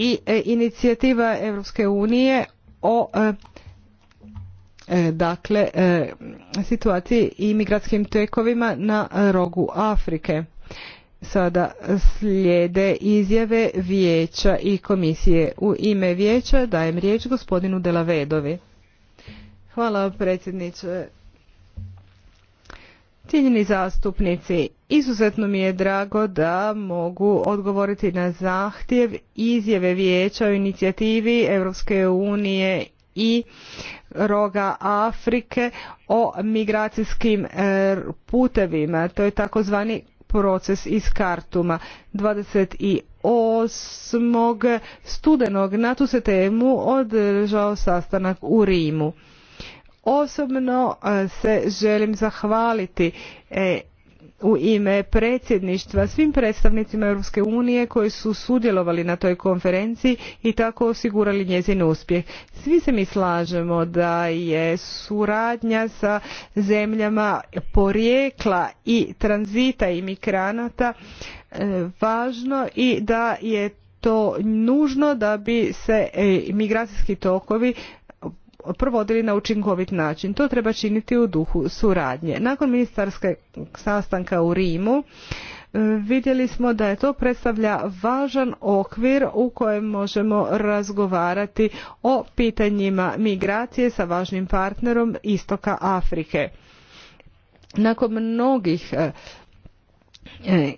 i e, inicijativa Europske unije o e, e, dakle situaciji i migratskim tekovima na rogu Afrike. Sada slijede izjave vijeća i komisije. U ime vijeća dajem riječ gospodinu Delavedovi. Hvala predsjedniče. Cijenjeni zastupnici, Izuzetno mi je drago da mogu odgovoriti na zahtjev izjave vijeća o inicijativi Europske unije i roga Afrike o migracijskim e, putevima. To je takozvani proces iz Kartuma. 28. studenog na tu se temu održao sastanak u Rimu. Osobno e, se želim zahvaliti e, u ime predsjedništva svim predstavnicima Europske unije koji su sudjelovali na toj konferenciji i tako osigurali njezin uspjeh. Svi se mi slažemo da je suradnja sa zemljama porijekla i tranzita imigranata e, važno i da je to nužno da bi se e, migracijski tokovi provodili na učinkovit način. To treba činiti u duhu suradnje. Nakon ministarske sastanka u Rimu e, vidjeli smo da je to predstavlja važan okvir u kojem možemo razgovarati o pitanjima migracije sa važnim partnerom istoka Afrike. Nakon mnogih e, e,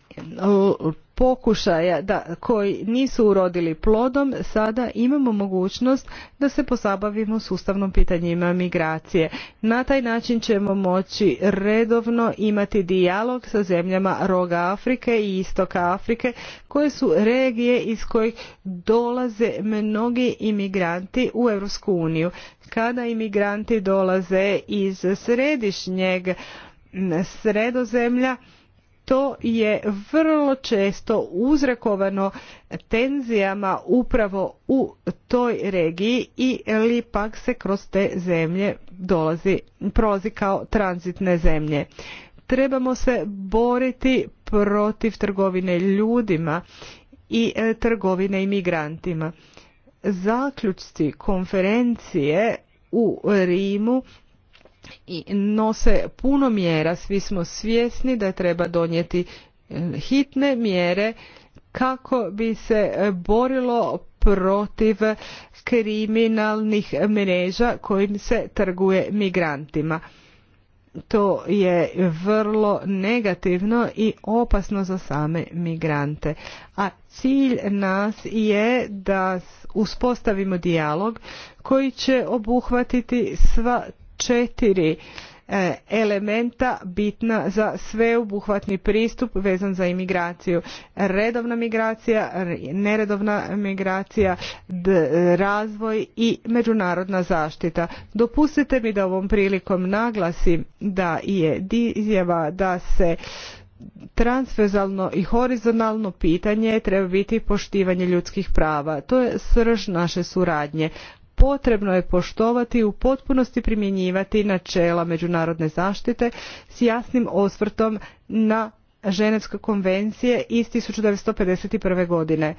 pokušaja koji nisu urodili plodom, sada imamo mogućnost da se posabavimo sustavnom pitanjima migracije. Na taj način ćemo moći redovno imati dijalog sa zemljama roga Afrike i istoka Afrike koje su regije iz kojih dolaze mnogi imigranti u Europsku uniju. Kada imigranti dolaze iz središnjeg sredozemlja, to je vrlo često uzrekovano tenzijama upravo u toj regiji i pak se kroz te zemlje dolazi, prolazi kao tranzitne zemlje. Trebamo se boriti protiv trgovine ljudima i e, trgovine imigrantima. Zaključci konferencije u Rimu i nose puno mjera. Svi smo svjesni da treba donijeti e, hitne mjere kako bi se e, borilo protiv kriminalnih mreža kojim se trguje migrantima. To je vrlo negativno i opasno za same migrante. A cilj nas je da uspostavimo dijalog koji će obuhvatiti sva četiri e, elementa bitna za sveobuhvatni pristup vezan za imigraciju redovna migracija neredovna migracija razvoj i međunarodna zaštita dopustite mi da ovom prilikom naglasim da je izjava da se transverzalno i horizontalno pitanje treba biti poštivanje ljudskih prava to je srž naše suradnje potrebno je poštovati i u potpunosti primjenjivati načela međunarodne zaštite s jasnim osvrtom na Ženevske konvencije iz 1951. godine.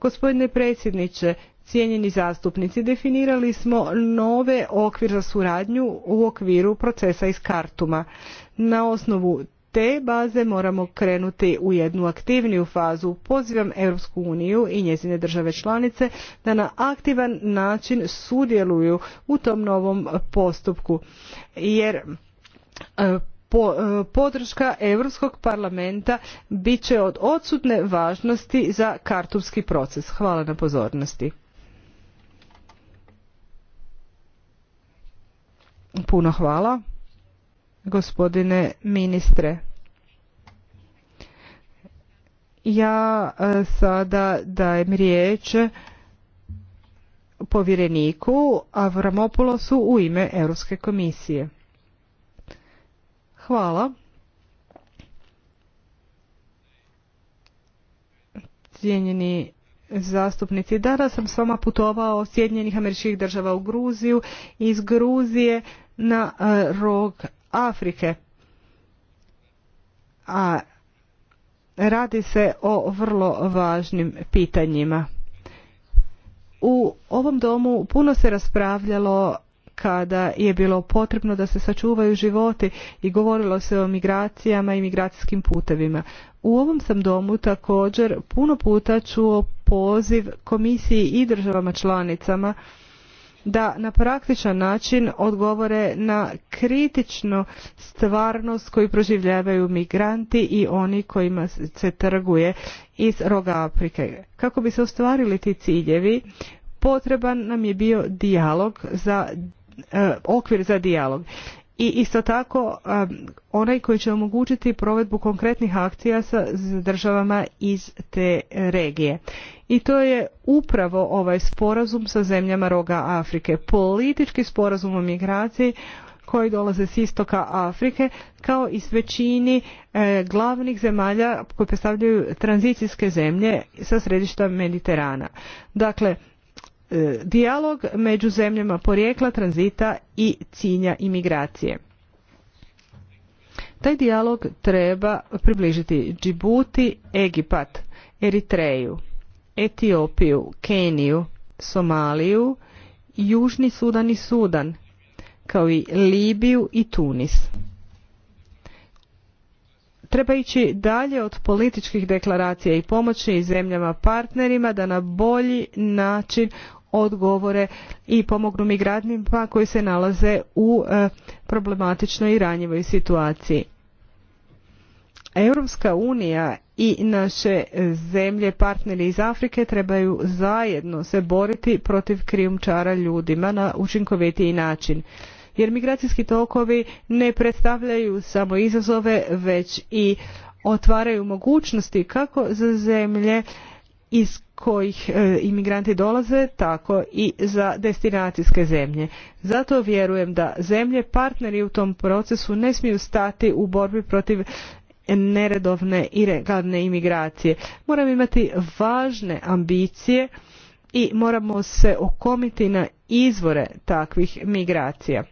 Gospodine predsjedniče, cijenjeni zastupnici, definirali smo nove okvir za suradnju u okviru procesa iz Kartuma. Na osnovu te baze moramo krenuti u jednu aktivniju fazu. Pozivam Europsku uniju i njezine države članice da na aktivan način sudjeluju u tom novom postupku. Jer e, e, podrška Europskog parlamenta bit će od odsudne važnosti za kartupski proces. Hvala na pozornosti. Puno hvala gospodine ministre. Ja e, sada dajem riječ povjereniku Avramopoulosu u ime Europske komisije. Hvala. Cijenjeni zastupnici, danas sam s vama putovao od Sjedinjenih američkih država u Gruziju, iz Gruzije na e, rog Afrike. A radi se o vrlo važnim pitanjima. U ovom domu puno se raspravljalo kada je bilo potrebno da se sačuvaju životi i govorilo se o migracijama i migracijskim putevima. U ovom sam domu također puno puta čuo poziv komisiji i državama članicama da na praktičan način odgovore na kritičnu stvarnost koju proživljavaju migranti i oni kojima se trguje iz roga Afrike. Kako bi se ostvarili ti ciljevi, potreban nam je bio dijalog za e, okvir za dijalog i isto tako e, onaj koji će omogućiti provedbu konkretnih akcija sa državama iz te regije i to je upravo ovaj sporazum sa zemljama roga Afrike. Politički sporazum o migraciji koji dolaze s istoka Afrike kao i s većini e, glavnih zemalja koje predstavljaju tranzicijske zemlje sa središta Mediterana. Dakle, e, dijalog među zemljama porijekla, tranzita i cinja imigracije. Taj dijalog treba približiti Džibuti, Egipat, Eritreju. Etiopiju, Keniju, Somaliju, Južni Sudan i Sudan, kao i Libiju i Tunis. Treba ići dalje od političkih deklaracija i pomoći zemljama partnerima da na bolji način odgovore i pomognu migrantima koji se nalaze u e, problematičnoj i ranjivoj situaciji. Europska unija i naše zemlje, partneri iz Afrike trebaju zajedno se boriti protiv krijumčara ljudima na učinkovitiji način. Jer migracijski tokovi ne predstavljaju samo izazove, već i otvaraju mogućnosti kako za zemlje iz kojih e, imigranti dolaze, tako i za destinacijske zemlje. Zato vjerujem da zemlje partneri u tom procesu ne smiju stati u borbi protiv neredovne i regalne imigracije. Moramo imati važne ambicije i moramo se okomiti na izvore takvih migracija.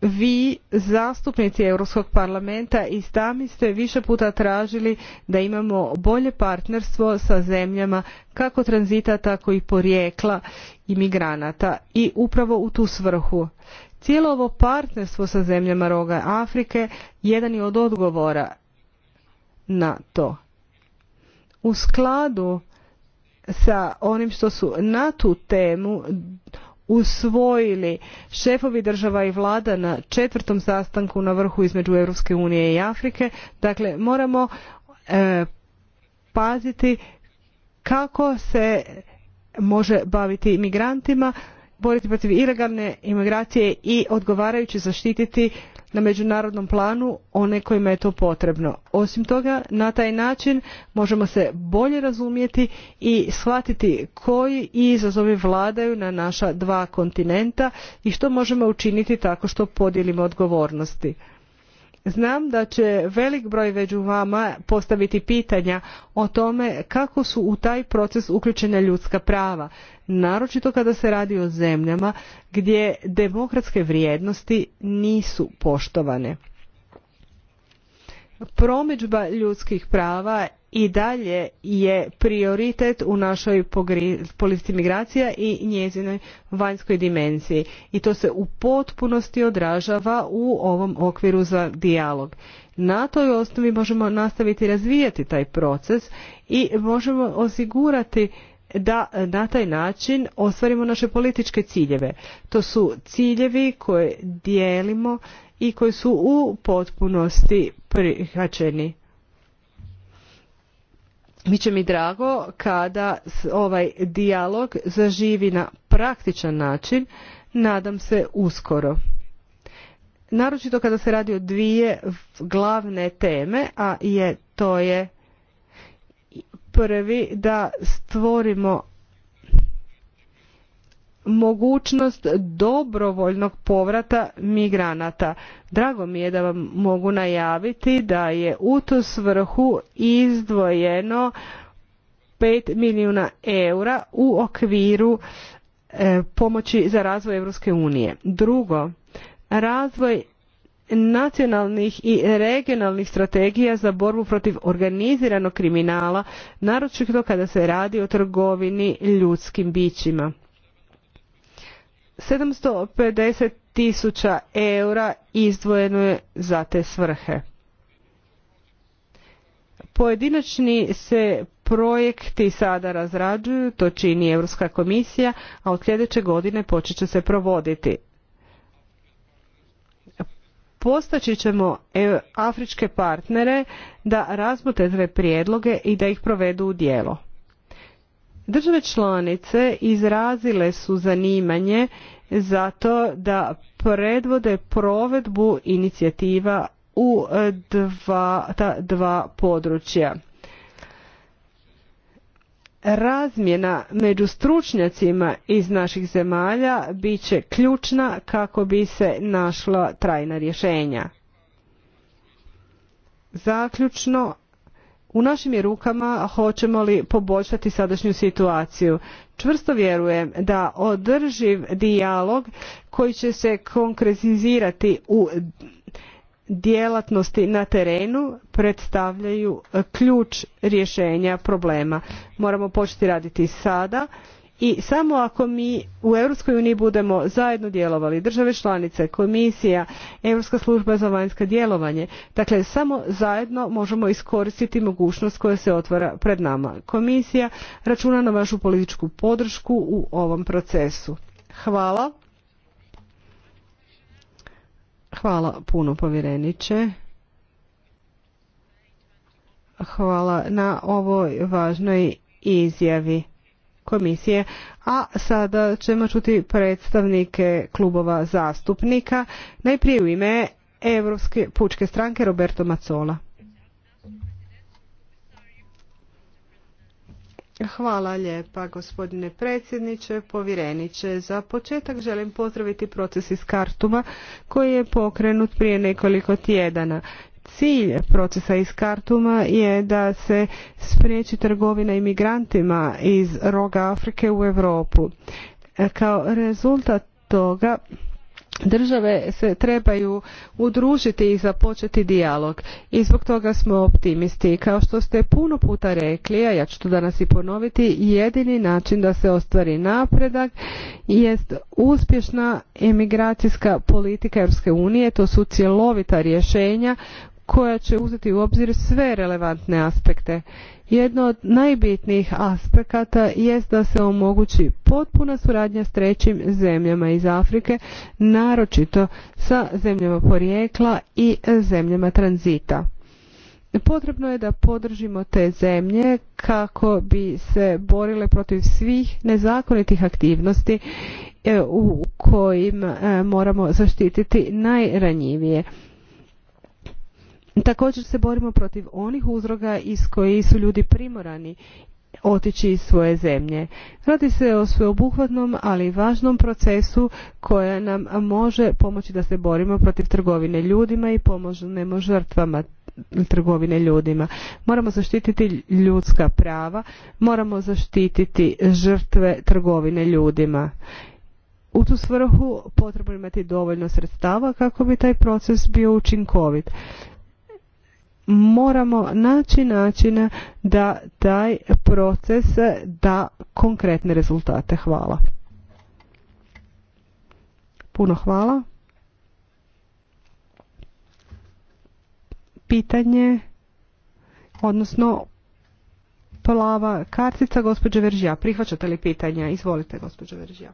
Vi, zastupnici Europskog parlamenta, i sami ste više puta tražili da imamo bolje partnerstvo sa zemljama kako tranzita, tako i porijekla imigranata i upravo u tu svrhu Cijelo ovo partnerstvo sa zemljama roga Afrike jedan je od odgovora na to. U skladu sa onim što su na tu temu usvojili šefovi država i vlada na četvrtom sastanku na vrhu između Europske unije i Afrike. Dakle, moramo e, paziti kako se može baviti migrantima boriti protiv ilegalne imigracije i odgovarajuće zaštititi na međunarodnom planu one kojima je to potrebno. Osim toga, na taj način možemo se bolje razumjeti i shvatiti koji izazovi vladaju na naša dva kontinenta i što možemo učiniti tako što podijelimo odgovornosti. Znam da će velik broj među vama postaviti pitanja o tome kako su u taj proces uključena ljudska prava, naročito kada se radi o zemljama gdje demokratske vrijednosti nisu poštovane promidžba ljudskih prava i dalje je prioritet u našoj politici migracija i njezinoj vanjskoj dimenziji i to se u potpunosti odražava u ovom okviru za dijalog. Na toj osnovi možemo nastaviti razvijati taj proces i možemo osigurati da na taj način ostvarimo naše političke ciljeve. To su ciljevi koje dijelimo i koji su u potpunosti prihvaćeni. Biće mi drago kada ovaj dijalog zaživi na praktičan način, nadam se uskoro. Naročito kada se radi o dvije glavne teme, a je to je prvi da stvorimo mogućnost dobrovoljnog povrata migranata. Drago mi je da vam mogu najaviti da je u tu svrhu izdvojeno 5 milijuna eura u okviru e, pomoći za razvoj Europske unije. Drugo, razvoj nacionalnih i regionalnih strategija za borbu protiv organiziranog kriminala, naročito kada se radi o trgovini ljudskim bićima. 750 tisuća eura izdvojeno je za te svrhe. Pojedinačni se projekti sada razrađuju, to čini Europska komisija, a od sljedeće godine počet će se provoditi. Postaći ćemo e, afričke partnere da razmotre prijedloge i da ih provedu u djelo. Države članice izrazile su zanimanje to da predvode provedbu inicijativa u e, dva, ta dva područja. Razmjena među stručnjacima iz naših zemalja bit će ključna kako bi se našla trajna rješenja. Zaključno, u našim je rukama hoćemo li poboljšati sadašnju situaciju. Čvrsto vjerujem da održiv dijalog koji će se konkretizirati u djelatnosti na terenu predstavljaju ključ rješenja problema. Moramo početi raditi sada i samo ako mi u Europskoj uniji budemo zajedno djelovali, države članice, komisija, Europska služba za vanjsko djelovanje, dakle samo zajedno možemo iskoristiti mogućnost koja se otvara pred nama. Komisija računa na vašu političku podršku u ovom procesu. Hvala. Hvala puno povjereniče. Hvala na ovoj važnoj izjavi komisije. A sada ćemo čuti predstavnike klubova zastupnika. Najprije u ime Europske pučke stranke Roberto Macola. Hvala lijepa gospodine predsjedniče, povjereniče. Za početak želim pozdraviti proces iz Kartuma koji je pokrenut prije nekoliko tjedana. Cilj procesa iz Kartuma je da se spriječi trgovina imigrantima iz roga Afrike u Europu. E, kao rezultat toga države se trebaju udružiti i započeti dijalog i zbog toga smo optimisti kao što ste puno puta rekli a ja ću to danas i ponoviti jedini način da se ostvari napredak jest uspješna emigracijska politika Europske unije to su cjelovita rješenja koja će uzeti u obzir sve relevantne aspekte. Jedno od najbitnijih aspekata jest da se omogući potpuna suradnja s trećim zemljama iz Afrike, naročito sa zemljama porijekla i zemljama tranzita. Potrebno je da podržimo te zemlje kako bi se borile protiv svih nezakonitih aktivnosti e, u kojim e, moramo zaštititi najranjivije Također se borimo protiv onih uzroga iz koji su ljudi primorani otići iz svoje zemlje. Radi se o sveobuhvatnom, ali važnom procesu koja nam može pomoći da se borimo protiv trgovine ljudima i pomožemo žrtvama trgovine ljudima. Moramo zaštititi ljudska prava, moramo zaštititi žrtve trgovine ljudima. U tu svrhu potrebno imati dovoljno sredstava kako bi taj proces bio učinkovit moramo naći načina da taj proces eh, da konkretne rezultate. Hvala. Puno hvala. Pitanje, odnosno plava kartica gospođe Veržija. Prihvaćate li pitanja? Izvolite gospođo Veržija.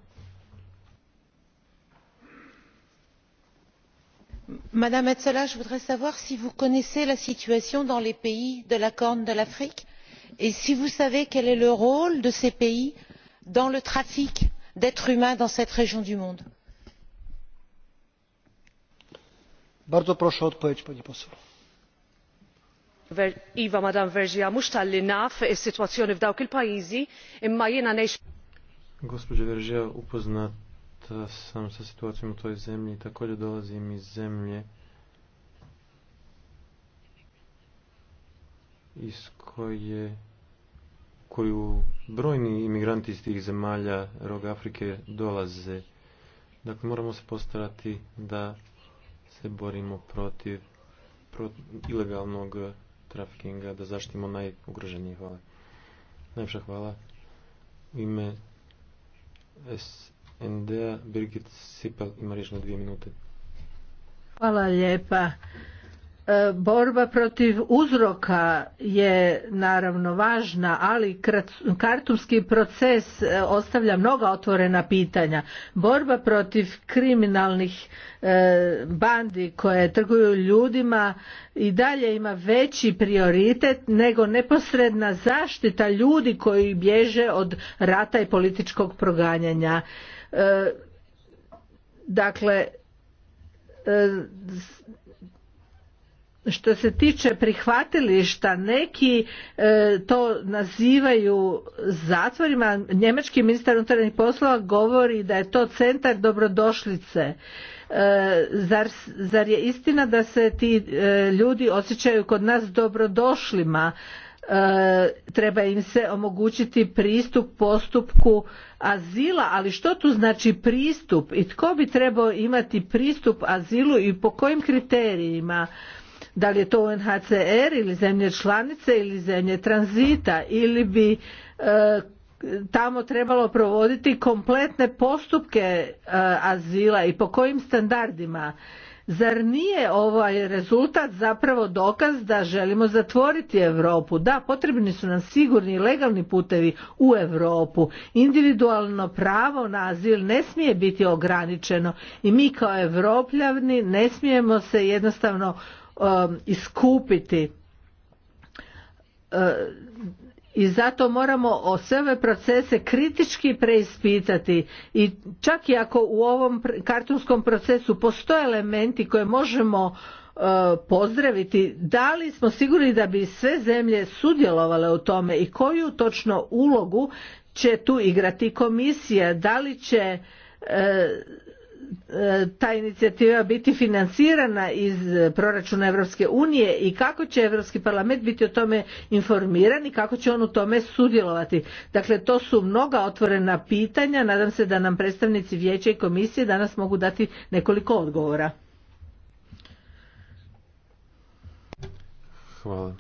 madame metsola je voudrais savoir si vous connaissez la situation dans les pays de la corne de l'afrique et si vous savez quel est le rôle de ces pays dans le trafic d'êtres humains dans cette région du monde. E, sam sa situacijom u toj zemlji. Također dolazim iz zemlje iz koje koju brojni imigranti iz tih zemalja rog Afrike dolaze. Dakle, moramo se postarati da se borimo protiv, ilegalnog trafikinga, da zaštimo najugroženije. Hvala. Najpša hvala. U ime NDA Birgit ima riječ na dvije minute. Hvala lijepa. E, borba protiv uzroka je naravno važna, ali kartumski proces e, ostavlja mnoga otvorena pitanja. Borba protiv kriminalnih e, bandi koje trguju ljudima i dalje ima veći prioritet nego neposredna zaštita ljudi koji bježe od rata i političkog proganjanja E, dakle, e, što se tiče prihvatilišta, neki e, to nazivaju zatvorima. Njemački ministar unutarnjih poslova govori da je to centar dobrodošlice. Zar, zar je istina da se ti ljudi osjećaju kod nas dobrodošlima? Treba im se omogućiti pristup postupku azila, ali što tu znači pristup i tko bi trebao imati pristup azilu i po kojim kriterijima? Da li je to UNHCR ili zemlje članice ili zemlje tranzita ili bi e, tamo trebalo provoditi kompletne postupke e, azila i po kojim standardima? Zar nije ovaj rezultat zapravo dokaz da želimo zatvoriti Europu? Da, potrebni su nam sigurni i legalni putevi u Europu. Individualno pravo na azil ne smije biti ograničeno i mi kao evropljavni ne smijemo se jednostavno um, iskupiti. Uh, i zato moramo sve ove procese kritički preispitati i čak i ako u ovom kartonskom procesu postoje elementi koje možemo e, pozdraviti da li smo sigurni da bi sve zemlje sudjelovale u tome i koju točno ulogu će tu igrati komisija da li će e, E, ta inicijativa biti financirana iz e, proračuna Europske unije i kako će Europski parlament biti o tome informiran i kako će on u tome sudjelovati. Dakle, to su mnoga otvorena pitanja. Nadam se da nam predstavnici vijeća i komisije danas mogu dati nekoliko odgovora. Hvala.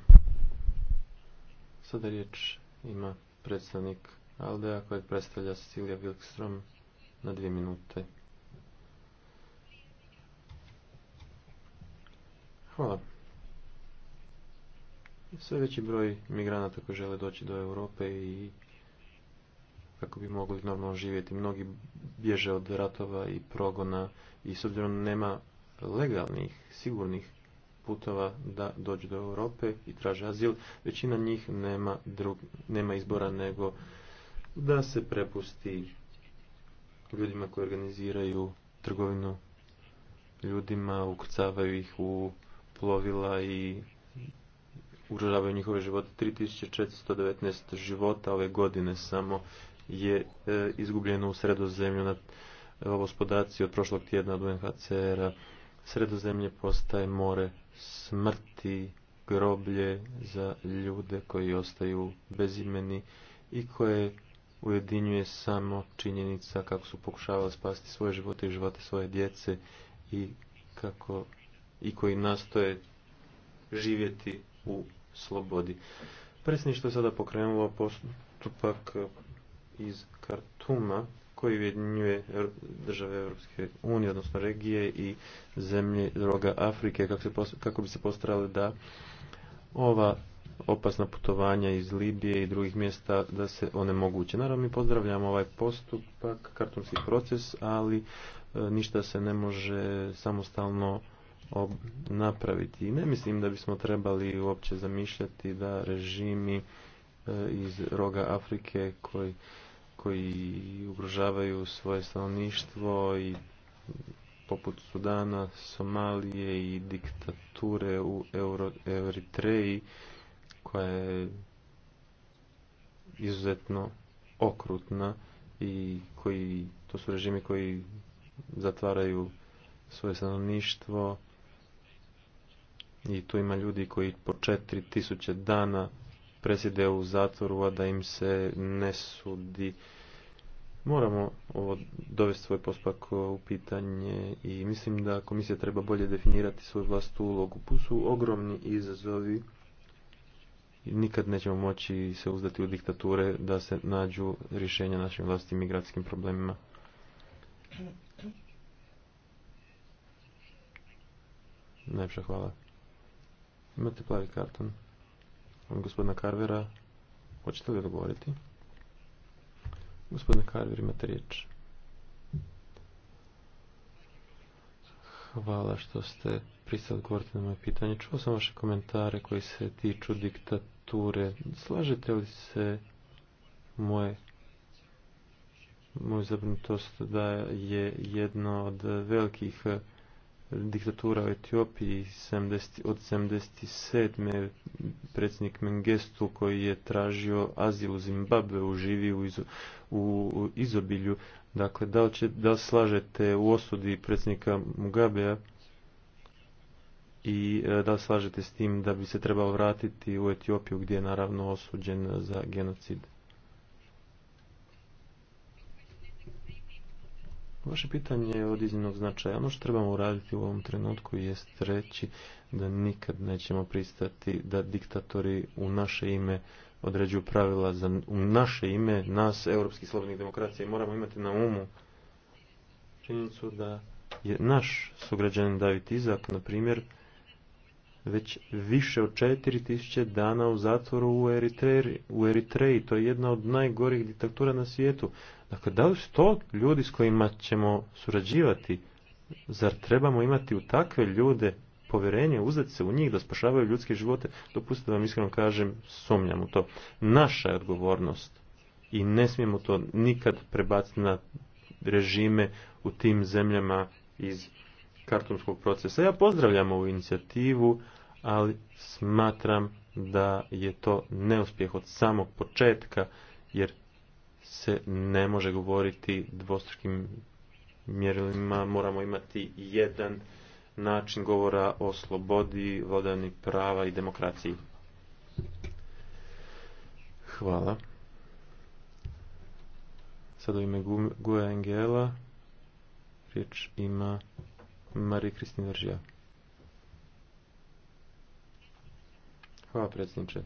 Sada riječ ima predstavnik Aldea predstavlja Cecilija na dvije minute. Hvala. Sve veći broj migranata koji žele doći do Europe i kako bi mogli normalno živjeti. Mnogi bježe od ratova i progona i s obzirom nema legalnih, sigurnih putova da dođu do Europe i traže azil, većina njih nema, drug, nema izbora nego da se prepusti ljudima koji organiziraju trgovinu ljudima, ukrcavaju ih u plovila i ugrožavaju njihove živote. 3419 života ove godine samo je e, izgubljeno u sredozemlju na e, ovo od prošlog tjedna od UNHCR-a. Sredozemlje postaje more smrti, groblje za ljude koji ostaju bezimeni i koje ujedinjuje samo činjenica kako su pokušavali spasiti svoje živote i živote svoje djece i kako i koji nastoje živjeti u slobodi. Predsjedništvo je sada pokrenulo postupak iz Kartuma koji ujedinjuje države Europske unije, odnosno regije i zemlje droga Afrike kako, se, kako bi se postarali da ova opasna putovanja iz Libije i drugih mjesta da se onemoguće. Naravno mi pozdravljamo ovaj postupak, kartonski proces, ali e, ništa se ne može samostalno napraviti. Ne mislim da bismo trebali uopće zamišljati da režimi e, iz roga Afrike koji, koji ugrožavaju svoje stanovništvo i poput Sudana, Somalije i diktature u Euro, Euritreji koja je izuzetno okrutna i koji, to su režimi koji zatvaraju svoje stanovništvo i tu ima ljudi koji po tisuće dana presjede u zatvoru, a da im se ne sudi. Moramo ovo dovesti svoj postupak u pitanje i mislim da komisija treba bolje definirati svoju vlastu ulogu. Tu su ogromni izazovi i nikad nećemo moći se uzdati u diktature da se nađu rješenja našim vlastitim migracijskim problemima. Najpša hvala. Imate plavi karton gospodina Karvera. Hoćete li odgovoriti? Gospodine Karver, imate riječ. Hvala što ste pristali odgovoriti na moje pitanje. Čuo sam vaše komentare koji se tiču diktature. Slažete li se moje moju zabrinutost da je jedno od velikih diktatura u Etiopiji 70, od 77. predsjednik Mengestu koji je tražio azil u Zimbabveu živi u, u, izobilju. Dakle, da li, da li slažete u osudi predsjednika Mugabea i e, da li slažete s tim da bi se trebao vratiti u Etiopiju gdje je naravno osuđen za genocid? Vaše pitanje je od iznimnog značaja. Ono što trebamo uraditi u ovom trenutku jest reći da nikad nećemo pristati da diktatori u naše ime određuju pravila za, u naše ime nas, europskih slobodnih demokracija. I moramo imati na umu činjenicu da je naš sugrađanin David Izak, na primjer, već više od 4000 dana u zatvoru u Eritreji. U Eritreji to je jedna od najgorih diktatura na svijetu. Dakle, da li su to ljudi s kojima ćemo surađivati, zar trebamo imati u takve ljude povjerenje, uzeti se u njih da spašavaju ljudske živote? Dopustite da vam iskreno kažem, sumnjam u to. Naša je odgovornost i ne smijemo to nikad prebaciti na režime u tim zemljama iz kartonskog procesa. Ja pozdravljam ovu inicijativu, ali smatram da je to neuspjeh od samog početka, jer se ne može govoriti dvostrukim mjerilima, moramo imati jedan način govora o slobodi, vladavini prava i demokraciji. Hvala. Sada u ime Guja Engela riječ ima Marija Kristina Ržija. Hvala predsjedniče.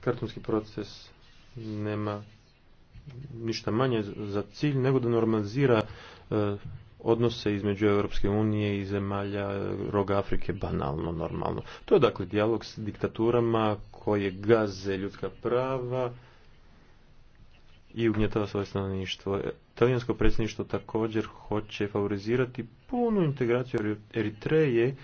Kartonski proces nema ništa manje za cilj nego da normalizira e, odnose između Europske unije i zemalja e, roga Afrike banalno, normalno. To je dakle dijalog s diktaturama koje gaze ljudska prava i ugnjetava svoje stanovništvo. Talijansko predsjedništvo također hoće favorizirati punu integraciju Eritreje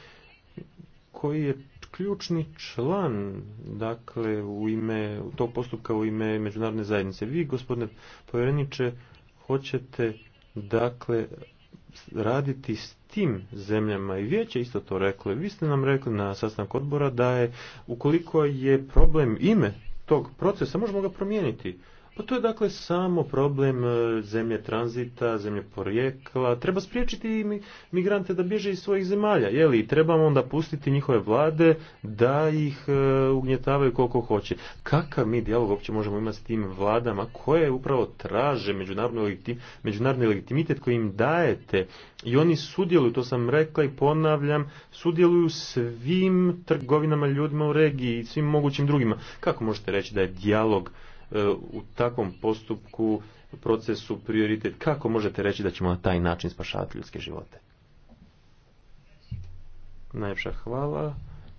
koji je ključni član dakle u ime tog postupka u ime međunarodne zajednice. Vi gospodine povjereniče hoćete dakle raditi s tim zemljama i vijeće isto to rekli. Vi ste nam rekli na sastanku odbora da je ukoliko je problem ime tog procesa možemo ga promijeniti. Pa to je dakle samo problem e, zemlje tranzita, zemlje porijekla. Treba spriječiti migrante da bježe iz svojih zemalja. Jeli, trebamo onda pustiti njihove vlade da ih e, ugnjetavaju koliko hoće. Kakav mi dijalog uopće možemo imati s tim vladama koje upravo traže međunarodni legitimitet koji im dajete i oni sudjeluju, to sam rekla i ponavljam, sudjeluju svim trgovinama ljudima u regiji i svim mogućim drugima. Kako možete reći da je dijalog E, u takvom postupku, procesu, prioritet? Kako možete reći da ćemo na taj način spašavati ljudske živote? Najljepša hvala,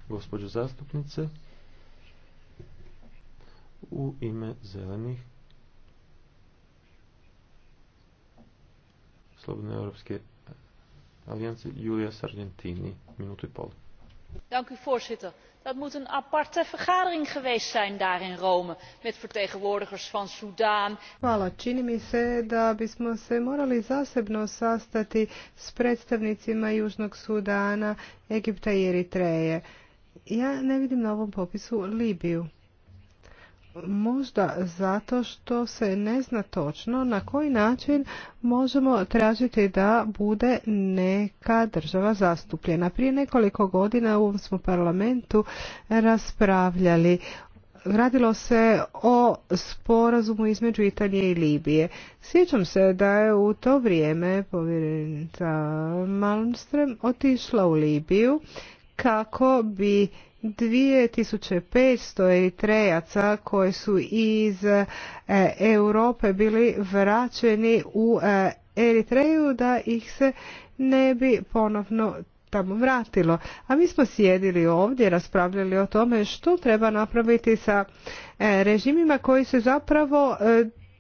gospođo zastupnice. U ime zelenih Slobodne Europske alijance Julija Sargentini, minutu i pol. Dank u voorzitter dat moet een aparte vergadering geweest zijn daar in rome met vertegenwoordigers van soedan. čini mi se da bismo se morali zasebno sastati s predstavnicima južnog sudana egipta i eritreje. ja ne vidim na ovom popisu libiju možda zato što se ne zna točno na koji način možemo tražiti da bude neka država zastupljena. Prije nekoliko godina u ovom smo parlamentu raspravljali Radilo se o sporazumu između Italije i Libije. Sjećam se da je u to vrijeme povjerenica Malmström otišla u Libiju kako bi 2500 Eritrejaca koji su iz e, Europe bili vraćeni u e, Eritreju da ih se ne bi ponovno tamo vratilo. A mi smo sjedili ovdje, raspravljali o tome što treba napraviti sa e, režimima koji se zapravo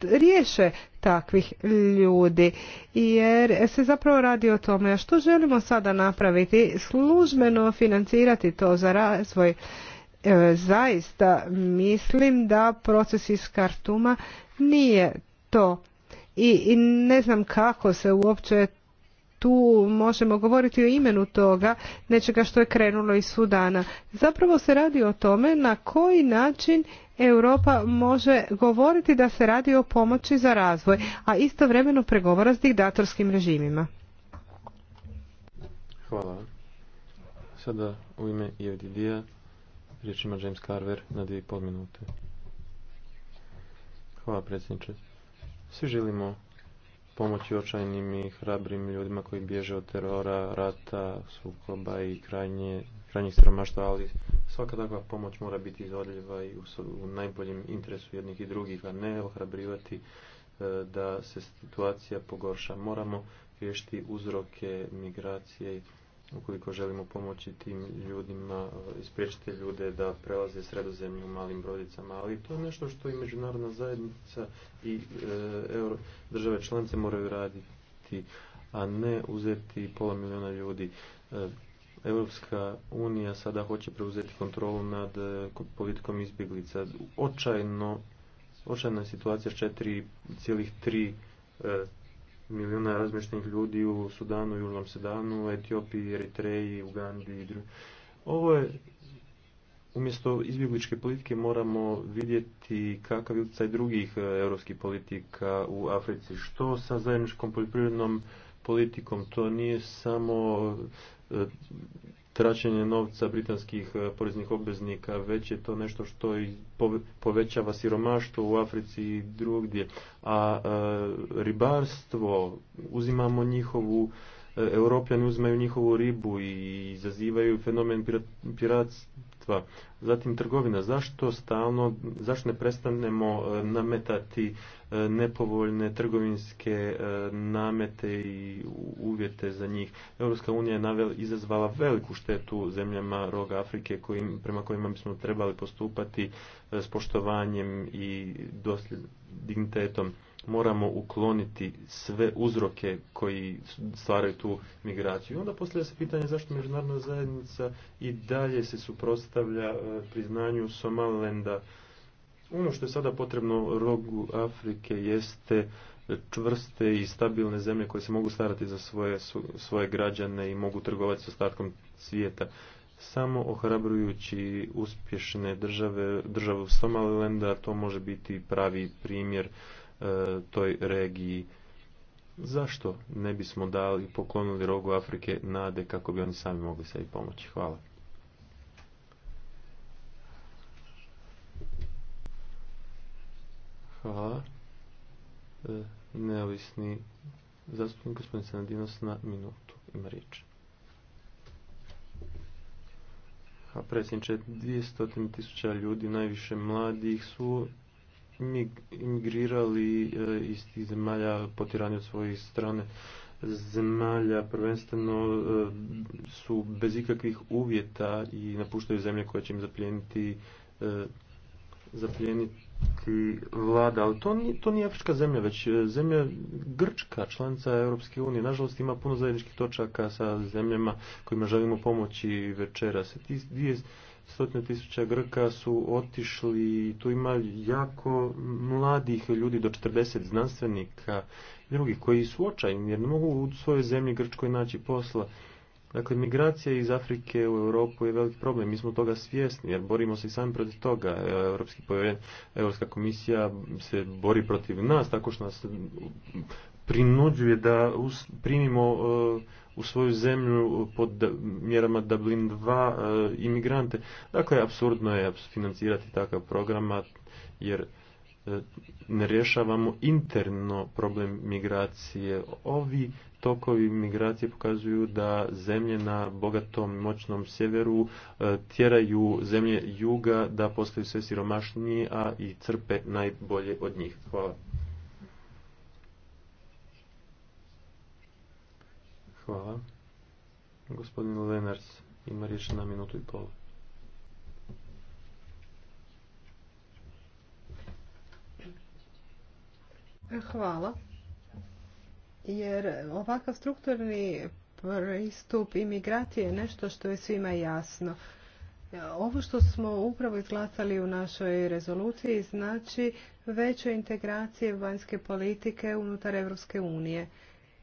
riješe takvih ljudi jer se zapravo radi o tome što želimo sada napraviti službeno financirati to za razvoj e, zaista mislim da proces iz kartuma nije to I, i ne znam kako se uopće tu možemo govoriti o imenu toga nečega što je krenulo iz Sudana. Zapravo se radi o tome na koji način Europa može govoriti da se radi o pomoći za razvoj, a istovremeno pregovara s diktatorskim režimima. Hvala. Sada u ime ifdd riječ ima James Carver na dvije pol minute. Hvala predsjedniče. Svi želimo pomoći očajnim i hrabrim ljudima koji bježe od terora, rata, sukoba i krajnje, krajnjih siromaštva, ali svaka takva pomoć mora biti izvodljiva i u, najboljem interesu jednih i drugih, a ne ohrabrivati e, da se situacija pogorša. Moramo riješiti uzroke migracije i ukoliko želimo pomoći tim ljudima, e, ispriječiti ljude da prelaze sredozemlju u malim brodicama, ali to je nešto što i međunarodna zajednica i e, euro, države članice moraju raditi, a ne uzeti pola miliona ljudi. E, Europska unija sada hoće preuzeti kontrolu nad e, politikom izbjeglica. Očajno, očajna je situacija 4,3 milijuna razmišljenih ljudi u Sudanu, Južnom Sedanu, Etiopiji, Eritreji, Ugandi i drugi. Ovo je umjesto izbjegličke politike moramo vidjeti kakav je utjecaj drugih e, europskih politika u Africi. Što sa zajedničkom poljoprivrednom politikom? To nije samo e, tračenje novca britanskih e, poreznih obveznika, već je to nešto što povećava siromaštvo u Africi i drugdje. A e, ribarstvo, uzimamo njihovu, e, europljani uzimaju njihovu ribu i izazivaju fenomen pirat zatim trgovina. Zašto stalno, zašto ne prestanemo e, nametati e, nepovoljne trgovinske e, namete i uvjete za njih? Europska unija je izazvala veliku štetu zemljama roga Afrike kojim, prema kojima bismo trebali postupati s poštovanjem i dignitetom moramo ukloniti sve uzroke koji stvaraju tu migraciju. onda postavlja se pitanje zašto međunarodna zajednica i dalje se suprotstavlja e, priznanju Somalenda. Ono što je sada potrebno rogu Afrike jeste čvrste i stabilne zemlje koje se mogu starati za svoje, svoje građane i mogu trgovati s ostatkom svijeta. Samo ohrabrujući uspješne države, državu Somalilenda, to može biti pravi primjer E, toj regiji. Zašto ne bismo dali poklonili rogu Afrike nade kako bi oni sami mogli sebi pomoći? Hvala. Hvala. E, neovisni zastupnik gospodin Sanadinos na minutu ima riječ. A predsjedniče, 200.000 ljudi, najviše mladih su imigrirali e, iz tih zemalja potirani od svojih strane zemalja prvenstveno e, su bez ikakvih uvjeta i napuštaju zemlje koje će im zapljeniti e, vlada, ali to nije, to nije afrička zemlja, već zemlja Grčka, članica Europske unije. Nažalost ima puno zajedničkih točaka sa zemljama kojima želimo pomoći večeras. Ti stotine tisuća Grka su otišli, tu ima jako mladih ljudi do 40 znanstvenika, drugih koji su očajni jer ne mogu u svojoj zemlji Grčkoj naći posla. Dakle, migracija iz Afrike u Europu je veliki problem. Mi smo toga svjesni jer borimo se i sami protiv toga. E, Europska komisija se bori protiv nas tako što nas prinuđuje da primimo e, u svoju zemlju pod mjerama Dublin 2 e, imigrante. Dakle, apsurdno je financirati takav program jer e, ne rješavamo interno problem migracije. Ovi tokovi migracije pokazuju da zemlje na bogatom moćnom sjeveru tjeraju zemlje juga da postaju sve siromašniji a i crpe najbolje od njih. Hvala. Hvala. Gospodin Lenars ima riječ na minutu i pol. Hvala. Jer ovakav strukturni pristup imigracije je nešto što je svima jasno. Ovo što smo upravo izglasali u našoj rezoluciji znači veće integracije vanjske politike unutar Europske unije.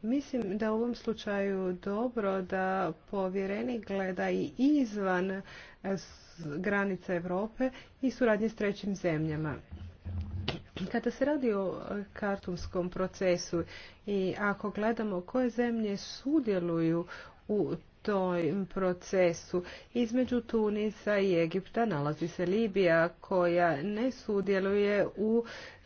Mislim da u ovom slučaju dobro da povjerenik gleda i izvan e, granica Europe i suradnje s trećim zemljama. Kada se radi o e, kartumskom procesu i ako gledamo koje zemlje sudjeluju u tom procesu, između Tunisa i Egipta nalazi se Libija koja ne sudjeluje u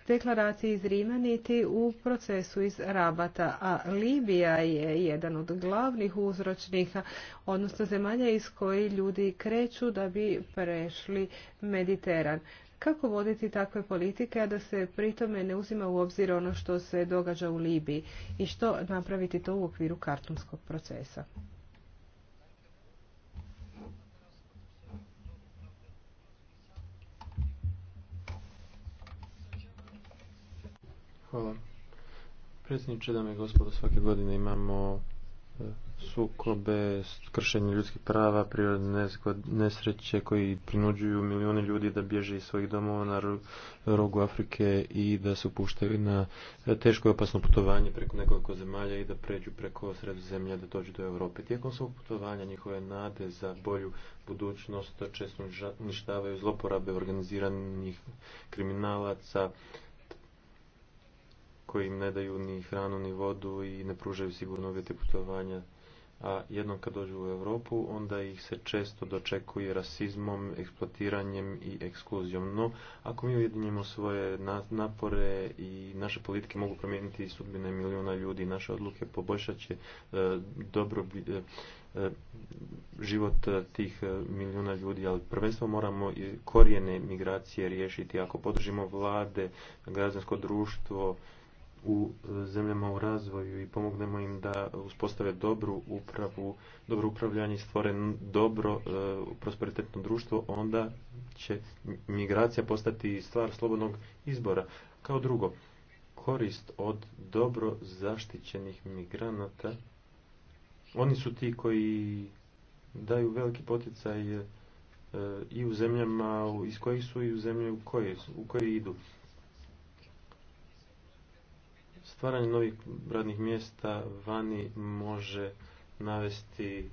Deklaracije iz Rima niti u procesu iz Rabata, a Libija je jedan od glavnih uzročnika, odnosno zemalja iz koje ljudi kreću da bi prešli Mediteran. Kako voditi takve politike, a da se pritome ne uzima u obzir ono što se događa u Libiji i što napraviti to u okviru kartonskog procesa? Hvala. Predsjedniče, dame i gospodo, svake godine imamo e, sukobe, kršenje ljudskih prava, prirodne nesreće koji prinuđuju milijune ljudi da bježe iz svojih domova na rogu Afrike i da se upuštaju na e, teško i opasno putovanje preko nekoliko zemalja i da pređu preko zemlje da dođu do Europe. Tijekom svog putovanja njihove nade za bolju budućnost često uništavaju zloporabe organiziranih kriminalaca, koji im ne daju ni hranu ni vodu i ne pružaju sigurno uvjete putovanja. A jednom kad dođu u Europu, onda ih se često dočekuje rasizmom, eksploatiranjem i ekskluzijom. No, ako mi ujedinjemo svoje napore i naše politike mogu promijeniti sudbine milijuna ljudi, naše odluke poboljšat će e, dobro e, e, život tih milijuna ljudi, ali prvenstvo moramo i korijene migracije riješiti. Ako podržimo vlade, građansko društvo, u e, zemljama u razvoju i pomognemo im da uspostave dobru upravu, dobro upravljanje i stvore dobro e, prosperitetno društvo, onda će migracija postati stvar slobodnog izbora. Kao drugo, korist od dobro zaštićenih migranata, oni su ti koji daju veliki poticaj e, i u zemljama iz kojih su i u zemlje u koje, u koje idu. Stvaranje novih radnih mjesta vani može navesti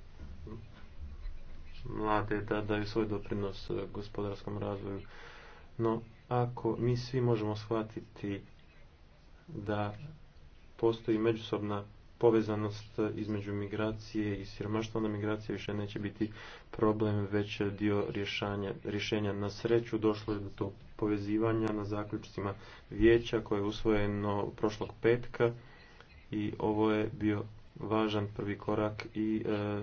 mlade da daju svoj doprinos gospodarskom razvoju. No, ako mi svi možemo shvatiti da postoji međusobna povezanost između migracije i siromaštva, onda migracija više neće biti problem, već dio rješanja, rješenja. Na sreću došlo je do tog povezivanja na zaključcima vijeća koje je usvojeno prošlog petka i ovo je bio važan prvi korak i e,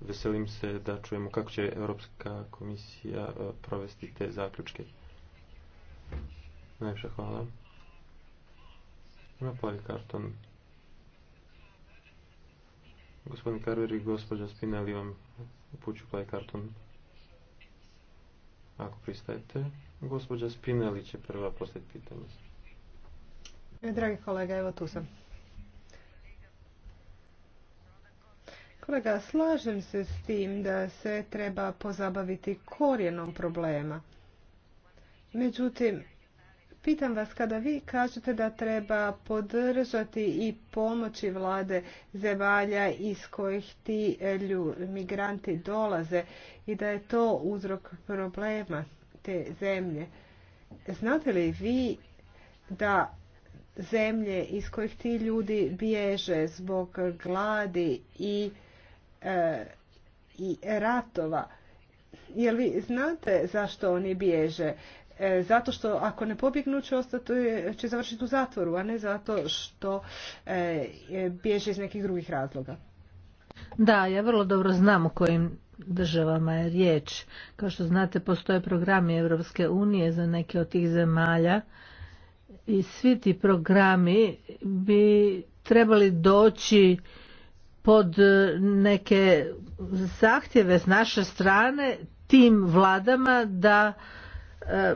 veselim se da čujemo kako će Europska komisija e, provesti te zaključke. Najviše hvala. karton. Gospodin Karver gospođa Spinelli vam upuću play karton. Ako pristajete, gospođa Spinelli će prva postaviti pitanje. E, dragi kolega, evo tu sam. Kolega, slažem se s tim da se treba pozabaviti korijenom problema. Međutim, Pitam vas, kada vi kažete da treba podržati i pomoći vlade zemalja iz kojih ti e, migranti dolaze i da je to uzrok problema te zemlje, znate li vi da zemlje iz kojih ti ljudi bježe zbog gladi i, e, i ratova, jel vi znate zašto oni bježe? E, zato što ako ne pobjegnu će, ostati, će završiti u zatvoru, a ne zato što e, e, bježe iz nekih drugih razloga. Da, ja vrlo dobro znam u kojim državama je riječ. Kao što znate, postoje programi Europske unije za neke od tih zemalja i svi ti programi bi trebali doći pod neke zahtjeve s naše strane tim vladama da E,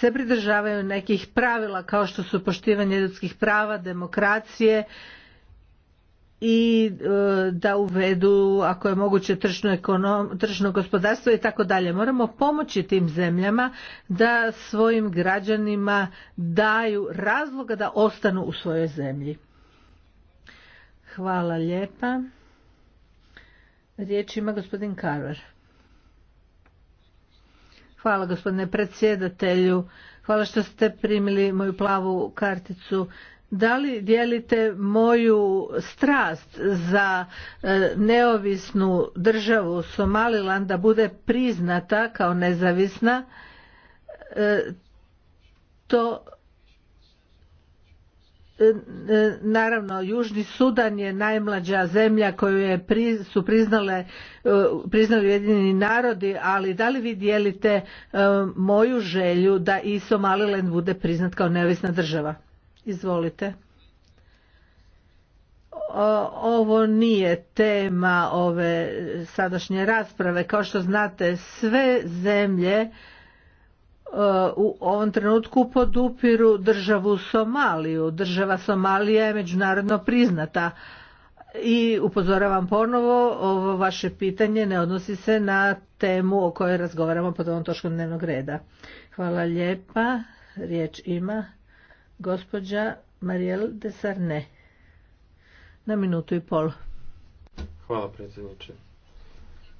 se pridržavaju nekih pravila kao što su poštivanje ljudskih prava, demokracije i e, da uvedu ako je moguće tržno, gospodarstvo i tako dalje. Moramo pomoći tim zemljama da svojim građanima daju razloga da ostanu u svojoj zemlji. Hvala lijepa. Riječ ima gospodin Karvar. Hvala gospodine predsjedatelju. Hvala što ste primili moju plavu karticu. Da li dijelite moju strast za e, neovisnu državu Somaliland da bude priznata kao nezavisna? E, to naravno Južni Sudan je najmlađa zemlja koju su e, priznali Ujedinjeni narodi, ali da li vi dijelite e, moju želju da i Somaliland bude priznat kao neovisna država? Izvolite. Ovo nije tema ove sadašnje rasprave. Kao što znate, sve zemlje u ovom trenutku podupiru državu Somaliju. Država Somalija je međunarodno priznata i upozoravam ponovo, ovo vaše pitanje ne odnosi se na temu o kojoj razgovaramo pod ovom točkom dnevnog reda. Hvala lijepa. Riječ ima gospođa Marijel Desarne. Na minutu i pol. Hvala predsjedniče.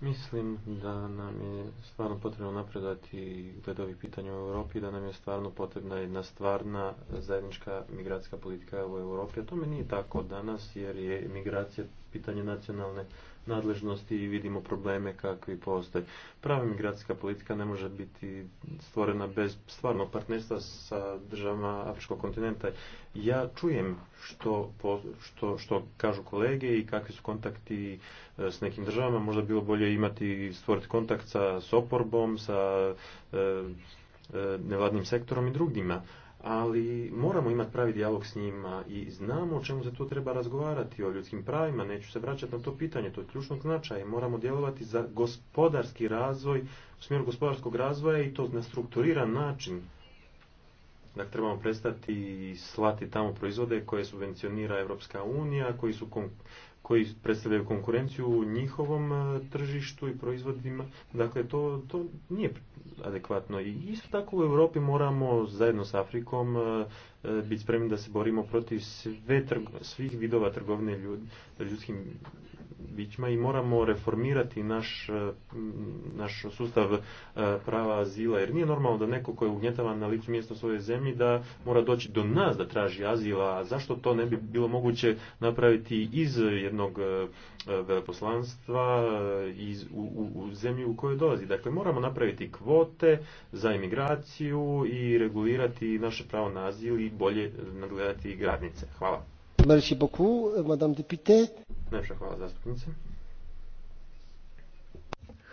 Mislim da nam je stvarno potrebno napredati glede ovih pitanja u Europi, da nam je stvarno potrebna jedna stvarna zajednička migracijska politika u Europi, a tome nije tako danas jer je migracija pitanje nacionalne nadležnosti i vidimo probleme kakvi postoje. Prava migracijska politika ne može biti stvorena bez stvarnog partnerstva sa državama Afričkog kontinenta. Ja čujem što, što, što kažu kolege i kakvi su kontakti e, s nekim državama. Možda bilo bolje imati stvoriti kontakt sa s oporbom, sa e, e, nevladnim sektorom i drugima ali moramo imati pravi dijalog s njima i znamo o čemu se tu treba razgovarati, o ljudskim pravima, neću se vraćati na to pitanje, to je ključnog značaja. Moramo djelovati za gospodarski razvoj, u smjeru gospodarskog razvoja i to na strukturiran način. Dakle, trebamo prestati slati tamo proizvode koje subvencionira Europska unija, koji su koji predstavljaju konkurenciju u njihovom e, tržištu i proizvodima. Dakle, to, to nije adekvatno. I isto tako u Europi moramo zajedno s Afrikom e, e, biti spremni da se borimo protiv sve, svih vidova trgovine ljud, ljudskim bićima i moramo reformirati naš, e, naš sustav e, prava azila, jer nije normalno da neko ko je ugnjetavan na licu mjesta svoje zemlji da mora doći do nas da traži azila, a zašto to ne bi bilo moguće napraviti iz jednog e, veleposlanstva iz, u, u, u zemlji u kojoj dolazi. Dakle, moramo napraviti kvote za imigraciju i regulirati naše pravo na azil i bolje nadgledati granice. Hvala. Merci beaucoup, madame députée. Najpša hvala zastupnice.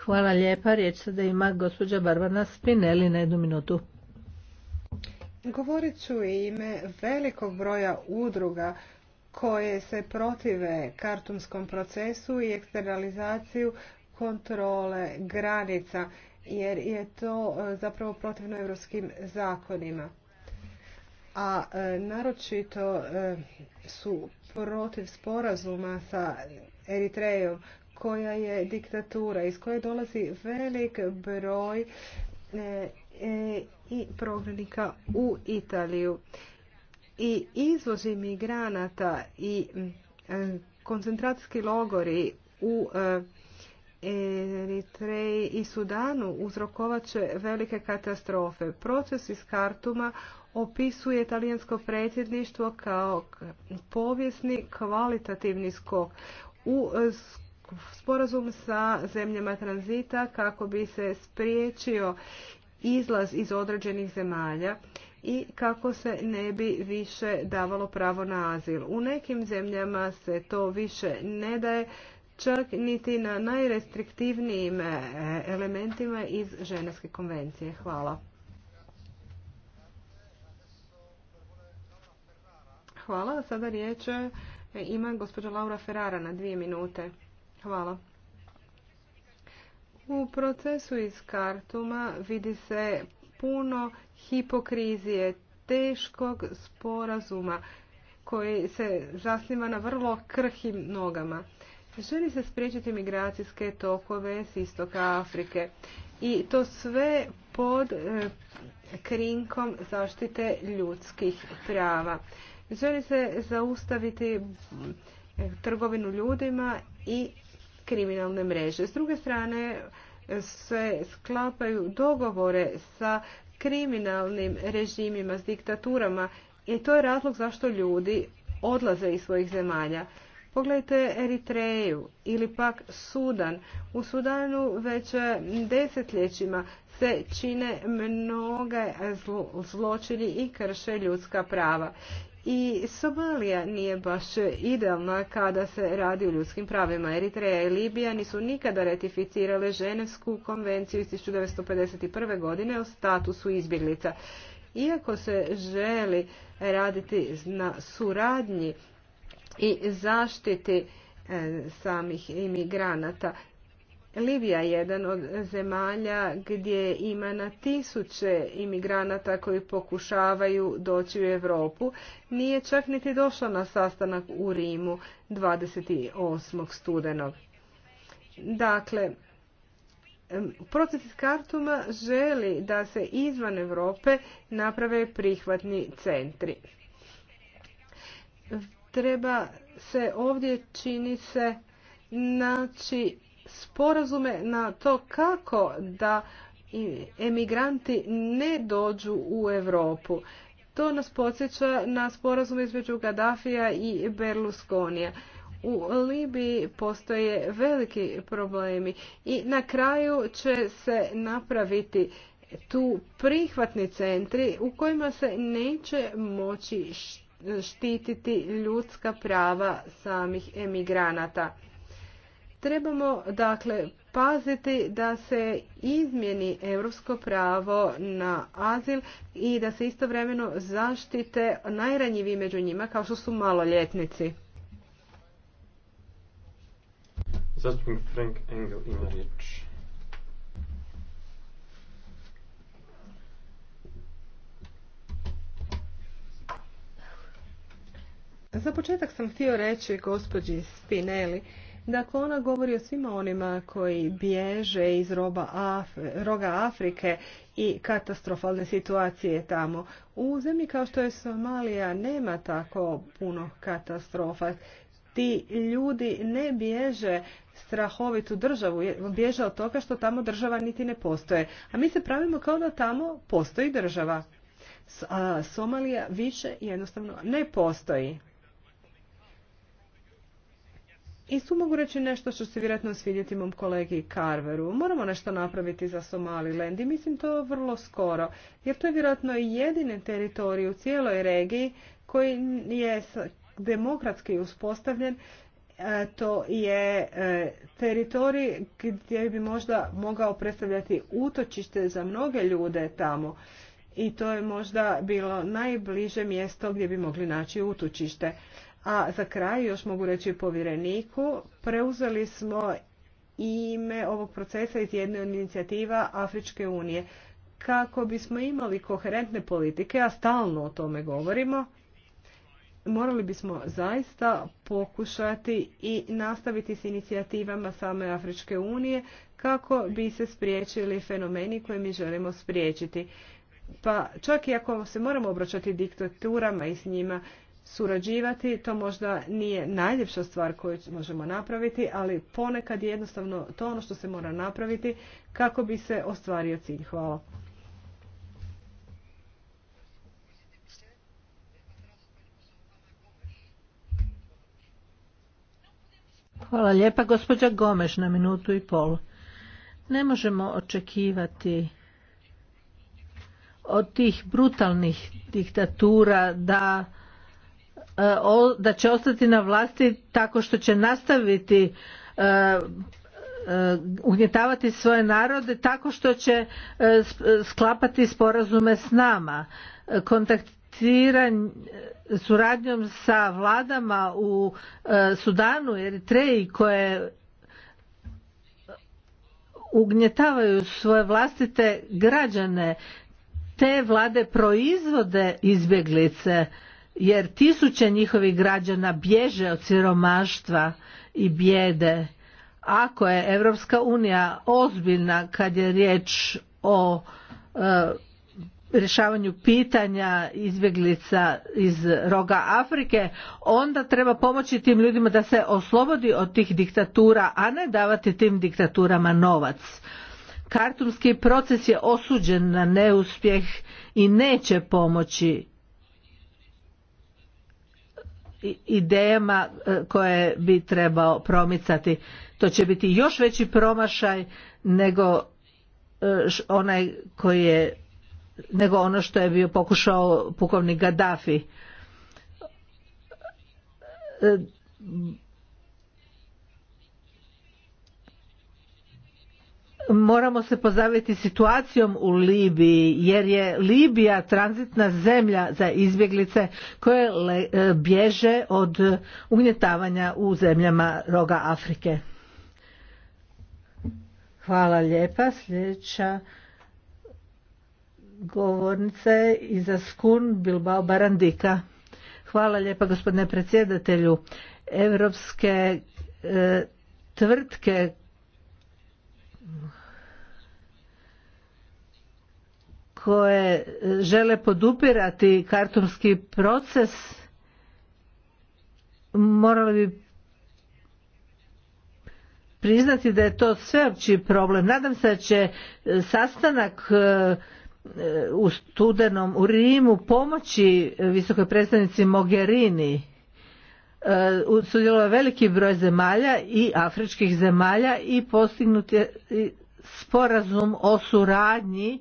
Hvala lijepa. Riječ sada ima gospođa Barbara Spinelli na jednu minutu. Govorit ću ime velikog broja udruga koje se protive kartumskom procesu i eksternalizaciju kontrole granica, jer je to e, zapravo protivno evropskim zakonima a e, naročito e, su protiv sporazuma sa Eritrejom koja je diktatura iz koje dolazi velik broj e, i prognanika u Italiju. I izvoz migranata i koncentracijski logori u Eritreji i Sudanu uzrokovat će velike katastrofe. Proces iz Kartuma opisuje talijansko predsjedništvo kao povijesni kvalitativni skok u eh, sporazum sa zemljama tranzita kako bi se spriječio izlaz iz određenih zemalja i kako se ne bi više davalo pravo na azil. U nekim zemljama se to više ne daje čak niti na najrestriktivnijim eh, elementima iz Ženevske konvencije. Hvala. Hvala. Sada riječ e, ima gospođa Laura Ferrara na dvije minute. Hvala. U procesu iz Kartuma vidi se puno hipokrizije, teškog sporazuma koji se zasniva na vrlo krhim nogama. Želi se spriječiti migracijske tokove s istoka Afrike i to sve pod e, krinkom zaštite ljudskih prava. Želi se zaustaviti eh, trgovinu ljudima i kriminalne mreže. S druge strane se sklapaju dogovore sa kriminalnim režimima, s diktaturama i to je razlog zašto ljudi odlaze iz svojih zemalja. Pogledajte Eritreju ili pak Sudan. U Sudanu već desetljećima se čine mnoge zločini i krše ljudska prava. I Somalija nije baš idealna kada se radi o ljudskim pravima. Eritreja i Libija nisu nikada ratificirale Ženevsku konvenciju iz 1951. godine o statusu izbjeglica. Iako se želi raditi na suradnji i zaštiti e, samih imigranata. Livija je jedan od zemalja gdje ima na tisuće imigranata koji pokušavaju doći u Europu. Nije čak niti došla na sastanak u Rimu 28. studenog. Dakle, proces Kartuma želi da se izvan Europe naprave prihvatni centri treba se ovdje čini se naći sporazume na to kako da emigranti ne dođu u Europu. To nas podsjeća na sporazum između Gaddafija i Berlusconija. U Libiji postoje veliki problemi i na kraju će se napraviti tu prihvatni centri u kojima se neće moći štititi ljudska prava samih emigranata. Trebamo dakle paziti da se izmjeni europsko pravo na azil i da se istovremeno zaštite najranjiviji među njima kao što su maloljetnici. Zastupnik Frank Engel ima riječ. Za početak sam htio reći gospođi Spinelli ako ona govori o svima onima koji bježe iz roba roga Afrike i katastrofalne situacije tamo. U zemlji kao što je Somalija nema tako puno katastrofa. Ti ljudi ne bježe strahovitu državu, bježe od toga što tamo država niti ne postoje. A mi se pravimo kao da tamo postoji država. Somalija više jednostavno ne postoji. I tu mogu reći nešto što se vjerojatno svidjeti mom kolegi Carveru. Moramo nešto napraviti za Somaliland i mislim to vrlo skoro, jer to je vjerojatno jedine teritorij u cijeloj regiji koji je demokratski uspostavljen. E, to je e, teritorij gdje bi možda mogao predstavljati utočište za mnoge ljude tamo. I to je možda bilo najbliže mjesto gdje bi mogli naći utočište a za kraj još mogu reći povjereniku, preuzeli smo ime ovog procesa iz jedne od inicijativa Afričke unije. Kako bismo imali koherentne politike, a stalno o tome govorimo, morali bismo zaista pokušati i nastaviti s inicijativama same Afričke unije kako bi se spriječili fenomeni koje mi želimo spriječiti. Pa čak i ako se moramo obraćati diktaturama i s njima surađivati. To možda nije najljepša stvar koju možemo napraviti, ali ponekad je jednostavno to ono što se mora napraviti kako bi se ostvario cilj. Hvala. Hvala lijepa. Gospođa Gomeš na minutu i pol. Ne možemo očekivati od tih brutalnih diktatura da E, da će ostati na vlasti tako što će nastaviti e, e, ugnjetavati svoje narode tako što će sklapati sporazume s nama. Kontaktiranje suradnjom sa vladama u Sudanu, Eritreji koje ugnjetavaju svoje vlastite građane, te vlade proizvode izbjeglice jer tisuće njihovih građana bježe od siromaštva i bijede. Ako je Europska unija ozbiljna kad je riječ o e, rješavanju pitanja izbjeglica iz roga Afrike, onda treba pomoći tim ljudima da se oslobodi od tih diktatura, a ne davati tim diktaturama novac. Kartumski proces je osuđen na neuspjeh i neće pomoći idejama e, koje bi trebao promicati. To će biti još veći promašaj nego e, onaj koji je nego ono što je bio pokušao pukovnik Gaddafi e, moramo se pozabaviti situacijom u Libiji jer je Libija tranzitna zemlja za izbjeglice koje e, bježe od ugnjetavanja u zemljama roga Afrike. Hvala lijepa. Sljedeća govornica je Iza Skun Bilbao Barandika. Hvala lijepa gospodine predsjedatelju. Europske e, tvrtke koje e, žele podupirati kartumski proces morali bi priznati da je to sveopći problem. Nadam se da će e, sastanak e, u studenom u Rimu pomoći visokoj predstavnici Mogherini E, sudjelovao veliki broj zemalja i afričkih zemalja i postignut je sporazum o suradnji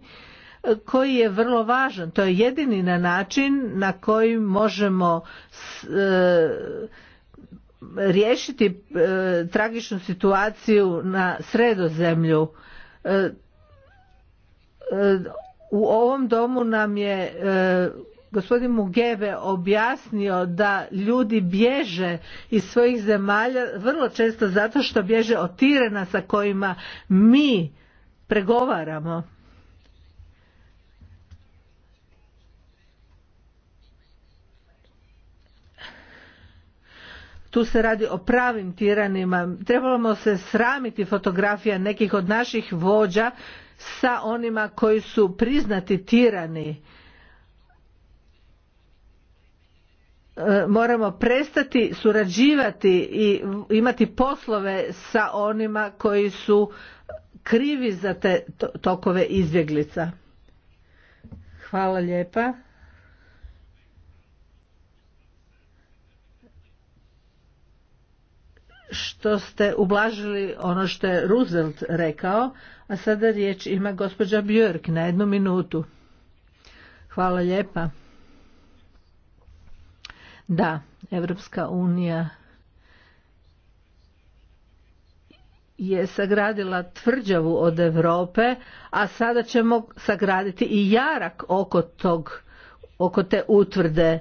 e, koji je vrlo važan. To je jedini na način na koji možemo e, riješiti tragičnu situaciju na sredozemlju. U ovom domu nam je gospodin Mugebe objasnio da ljudi bježe iz svojih zemalja vrlo često zato što bježe od tirana sa kojima mi pregovaramo. tu se radi o pravim tiranima trebamo se sramiti fotografija nekih od naših vođa sa onima koji su priznati tirani E, moramo prestati surađivati i imati poslove sa onima koji su krivi za te tokove izbjeglica. Hvala lijepa. Što ste ublažili ono što je Roosevelt rekao, a sada riječ ima gospođa Björk na jednu minutu. Hvala lijepa. Da, Evropska unija je sagradila tvrđavu od Europe, a sada ćemo sagraditi i jarak oko tog, oko te utvrde.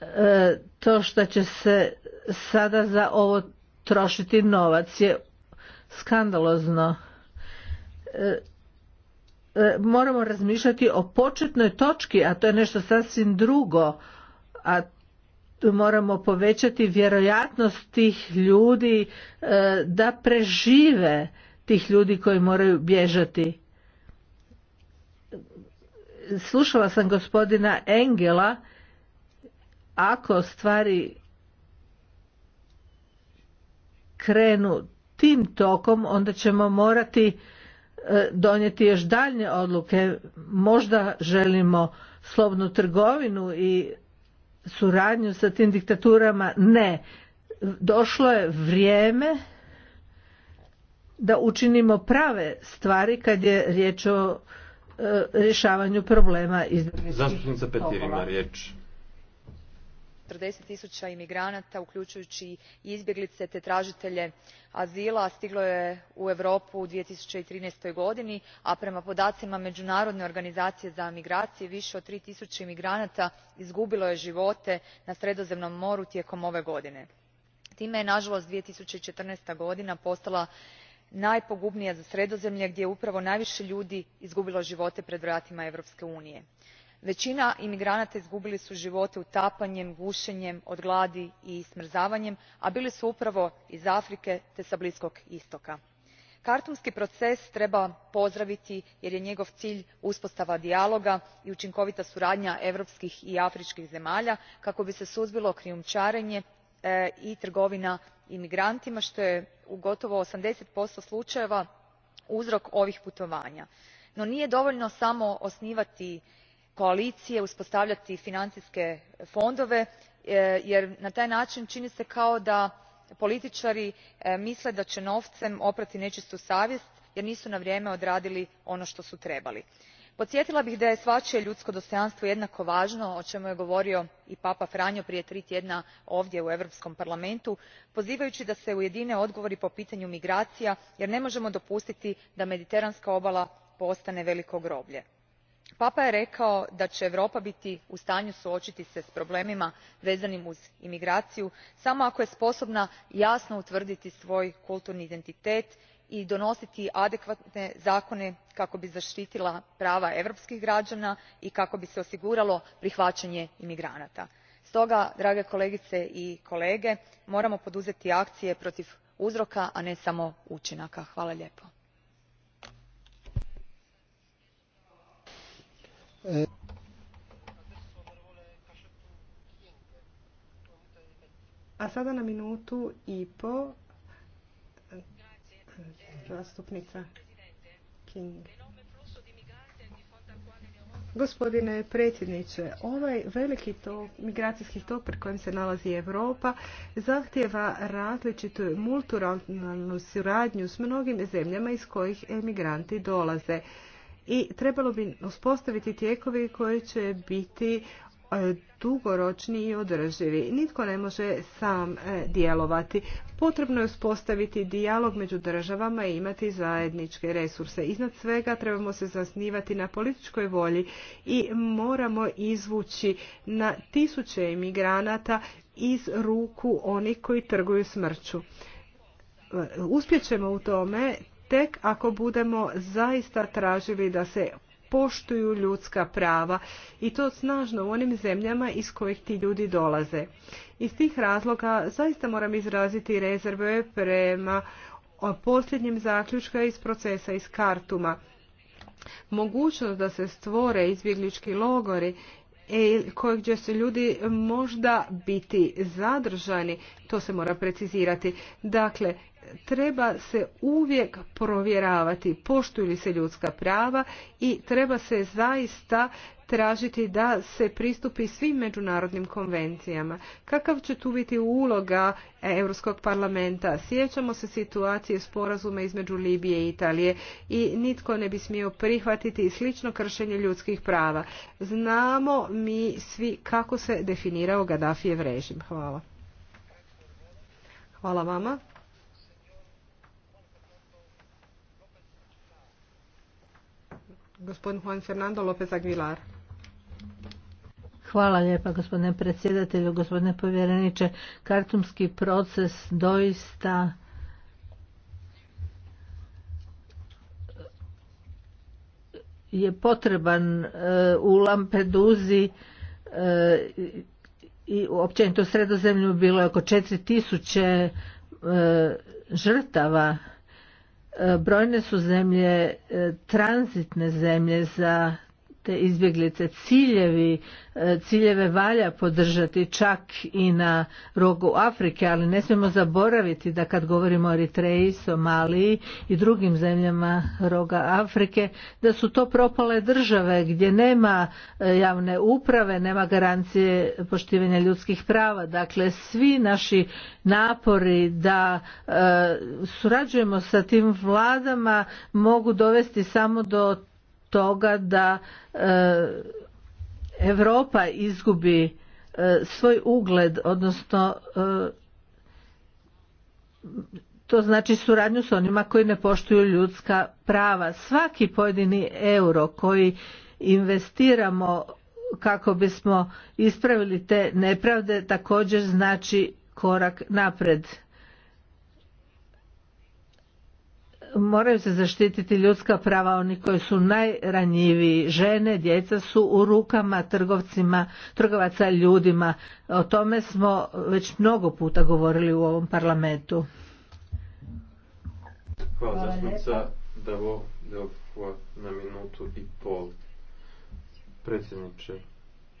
E, to što će se sada za ovo trošiti novac je skandalozno. E, e, moramo razmišljati o početnoj točki, a to je nešto sasvim drugo, a moramo povećati vjerojatnost tih ljudi e, da prežive tih ljudi koji moraju bježati. Slušala sam gospodina Engela, ako stvari krenu tim tokom, onda ćemo morati e, donijeti još daljnje odluke. Možda želimo slobnu trgovinu i suradnju sa tim diktaturama ne došlo je vrijeme da učinimo prave stvari kad je riječ o e, rješavanju problema iz Zastupnica Petir ima riječ forty tisua imigranata ukljuujui i izbjeglice te traitelje azila stiglo je u europu u. two thousand and thirteen godini a prema podacima meunarodne organizacije za migracije vie od three tisuće imigranata izgubilo je ivote na sredozemnom moru tijekom ove godine. time je naalost. two thousand and fourteen godina postala najpogubnija za sredozemlje gdje je upravo najvie ljudi izgubilo ivote pred vratima europske unije većina imigranata izgubili su živote utapanjem gušenjem od gladi i smrzavanjem a bili su upravo iz afrike te sa bliskog istoka. kartumski proces treba pozdraviti jer je njegov cilj uspostava dijaloga i učinkovita suradnja europskih i afričkih zemalja kako bi se suzbilo krijumčarenje eh, i trgovina imigrantima što je u gotovo eighty slučajeva uzrok ovih putovanja. no nije dovoljno samo osnivati koalicije uspostavljati financijske fondove e, jer na taj način čini se kao da političari e, misle da će novcem oprati nečistu savjest jer nisu na vrijeme odradili ono što su trebali. podsjetila bih da je svačije ljudsko dostojanstvo jednako važno o čemu je govorio i papa franjo prije tri tjedna ovdje u europskom parlamentu pozivajući da se ujedine odgovori po pitanju migracija jer ne možemo dopustiti da mediteranska obala postane veliko groblje papa je rekao da će europa biti u stanju suočiti se s problemima vezanim uz imigraciju samo ako je sposobna jasno utvrditi svoj kulturni identitet i donositi adekvatne zakone kako bi zaštitila prava europskih građana i kako bi se osiguralo prihvaćanje imigranata. stoga drage kolegice i kolege moramo poduzeti akcije protiv uzroka a ne samo učinaka. hvala lijepo. A sada na minutu i po e, zastupnica Gospodine predsjedniče, ovaj veliki tok, migracijski tok pri kojem se nalazi Europa zahtjeva različitu multuralnu suradnju s mnogim zemljama iz kojih emigranti dolaze i trebalo bi uspostaviti tijekovi koji će biti e, dugoročni i održivi. Nitko ne može sam e, djelovati. Potrebno je uspostaviti dijalog među državama i imati zajedničke resurse. Iznad svega trebamo se zasnivati na političkoj volji i moramo izvući na tisuće imigranata iz ruku onih koji trguju smrću. E, Uspjećemo u tome tek ako budemo zaista tražili da se poštuju ljudska prava i to snažno u onim zemljama iz kojih ti ljudi dolaze. Iz tih razloga zaista moram izraziti rezerve prema posljednjem zaključka iz procesa iz Kartuma. Mogućnost da se stvore izbjeglički logori e, kojeg će se ljudi možda biti zadržani, to se mora precizirati. Dakle, treba se uvijek provjeravati poštuju li se ljudska prava i treba se zaista tražiti da se pristupi svim međunarodnim konvencijama. Kakav će tu biti uloga Europskog parlamenta? Sjećamo se situacije sporazuma između Libije i Italije i nitko ne bi smio prihvatiti slično kršenje ljudskih prava. Znamo mi svi kako se definirao Gaddafijev režim. Hvala. Hvala vama. Gospodin Juan Fernando Lopez Aguilar. Hvala lijepa gospodine predsjedatelju, gospodine povjereniče. Kartumski proces doista eh, je potreban eh, u Lampeduzi eh, i u općenito u sredozemlju bilo je oko 4000 žrtava E, brojne su zemlje e, tranzitne zemlje za te izbjeglice ciljevi e, ciljeve valja podržati čak i na rogu Afrike ali ne smijemo zaboraviti da kad govorimo o Eritreji, Somaliji i drugim zemljama roga Afrike da su to propale države gdje nema e, javne uprave, nema garancije poštivanja ljudskih prava. Dakle svi naši napori da e, surađujemo sa tim vladama mogu dovesti samo do toga da Europa izgubi e, svoj ugled, odnosno e, to znači suradnju s onima koji ne poštuju ljudska prava. Svaki pojedini euro koji investiramo kako bismo ispravili te nepravde također znači korak napred. moraju se zaštititi ljudska prava oni koji su najranjiviji žene djeca su u rukama trgovcima trgovaca ljudima o tome smo već mnogo puta govorili u ovom parlamentu hvala, Davo na minutu i pol predsjedniče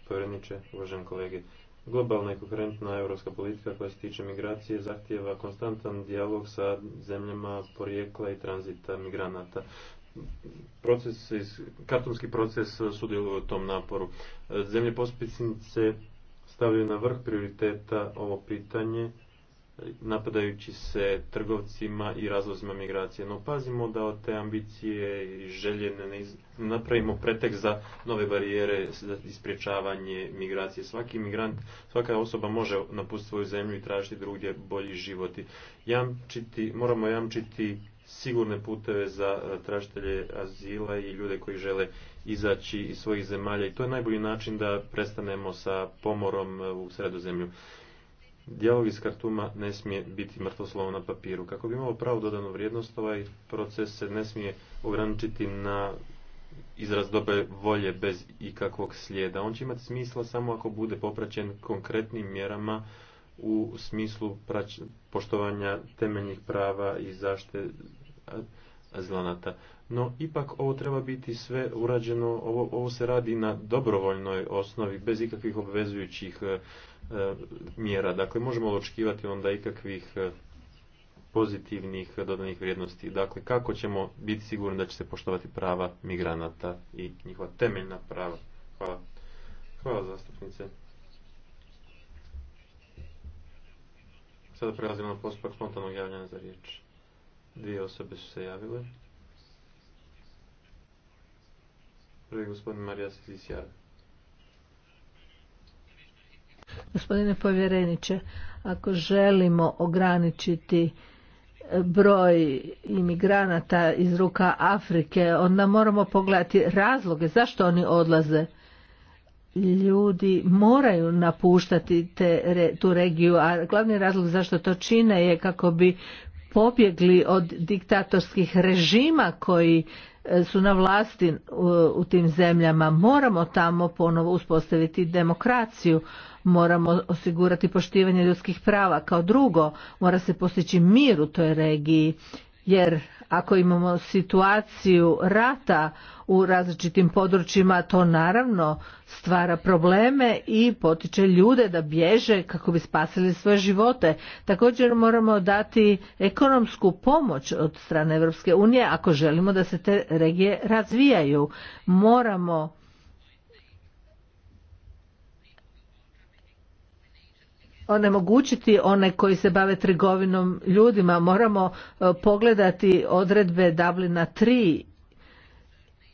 povredniče uvaženi kolege Globalna i koherentna europska politika koja se tiče migracije zahtijeva konstantan dijalog sa zemljama porijekla i tranzita migranata. Proces, kartonski proces sudjeluje u tom naporu. Zemlje potpisnice stavljaju na vrh prioriteta ovo pitanje napadajući se trgovcima i razlozima migracije. No pazimo da od te ambicije i želje ne napravimo pretek za nove barijere za ispriječavanje migracije. Svaki migrant, svaka osoba može napustiti svoju zemlju i tražiti drugdje bolji život. Jamčiti, moramo jamčiti sigurne puteve za e, tražitelje azila i ljude koji žele izaći iz svojih zemalja i to je najbolji način da prestanemo sa pomorom e, u sredozemlju. Dijalog iz kartuma ne smije biti mrtvo slovo na papiru. Kako bi imao pravu dodanu vrijednost, ovaj proces se ne smije ograničiti na izraz dobre volje bez ikakvog slijeda. On će imati smisla samo ako bude popraćen konkretnim mjerama u smislu poštovanja temeljnih prava i zaštite zlanata. No, ipak ovo treba biti sve urađeno, ovo, ovo se radi na dobrovoljnoj osnovi, bez ikakvih obvezujućih eh, E, mjera. Dakle, možemo očekivati onda ikakvih e, pozitivnih dodanih vrijednosti. Dakle, kako ćemo biti sigurni da će se poštovati prava migranata i njihova temeljna prava. Hvala. Hvala zastupnice. Sada prelazimo na postupak spontanog javljanja za riječ. Dvije osobe su se javile. Prvi gospodin Marija Sisijara. Gospodine povjereniče, ako želimo ograničiti e, broj imigranata iz ruka Afrike, onda moramo pogledati razloge zašto oni odlaze. Ljudi moraju napuštati tu regiju, a glavni razlog zašto to čine je kako bi pobjegli od diktatorskih režima koji su na vlasti e, u tim zemljama moramo tamo ponovo uspostaviti demokraciju moramo osigurati poštivanje ljudskih prava kao drugo mora se postići mir u toj regiji jer ako imamo situaciju rata u različitim područjima, to naravno stvara probleme i potiče ljude da bježe kako bi spasili svoje živote. Također moramo dati ekonomsku pomoć od strane Europske unije ako želimo da se te regije razvijaju. Moramo onemogućiti one koji se bave trgovinom ljudima. Moramo e, pogledati odredbe Dublina 3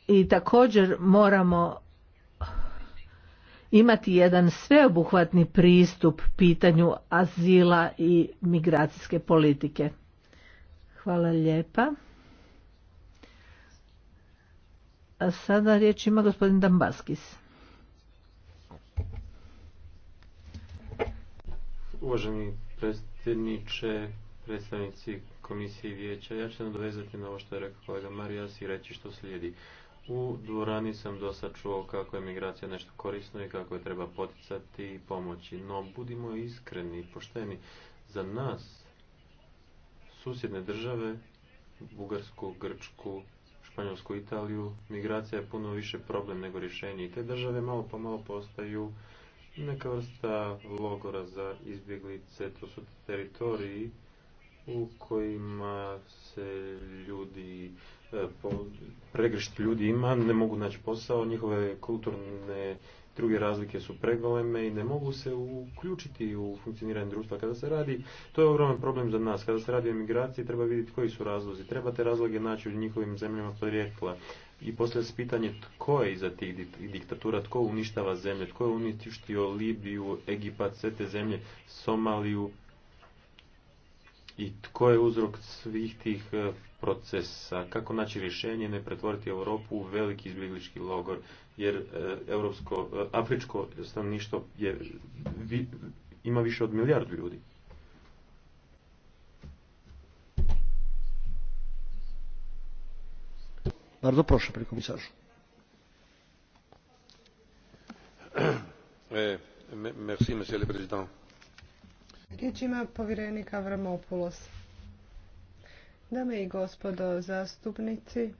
i također moramo imati jedan sveobuhvatni pristup pitanju azila i migracijske politike. Hvala lijepa. A sada riječ ima gospodin Dambaskis. Uvaženi predsjedniče, predstavnici komisije i vijeća, ja ću se nadovezati na ovo što je rekao kolega Marijas i reći što slijedi. U dvorani sam dosta čuo kako je migracija nešto korisno i kako je treba poticati i pomoći. No, budimo iskreni i pošteni. Za nas, susjedne države, Bugarsku, Grčku, Španjolsku, Italiju, migracija je puno više problem nego rješenje. I te države malo po malo postaju neka vrsta logora za izbjeglice, to su teritoriji u kojima se ljudi, e, pregršt ljudi ima, ne mogu naći posao, njihove kulturne druge razlike su pregoleme i ne mogu se uključiti u funkcioniranje društva. Kada se radi, to je ogroman problem za nas. Kada se radi o imigraciji, treba vidjeti koji su razlozi. Treba te razloge naći u njihovim zemljama porijekla i postavlja se pitanje tko je iza tih diktatura, tko uništava zemlje, tko je uništio Libiju, Egipat, sve te zemlje, Somaliju i tko je uzrok svih tih e, procesa, kako naći rješenje, ne pretvoriti Europu u veliki izbjeglički logor, jer e, europsko, e, afričko stanovništvo je, ima više od milijardu ljudi. Gospodine proszę, e, Merci, monsieur Riječ ima povjerenik Avramopoulos. Dame i gospodo zastupnici,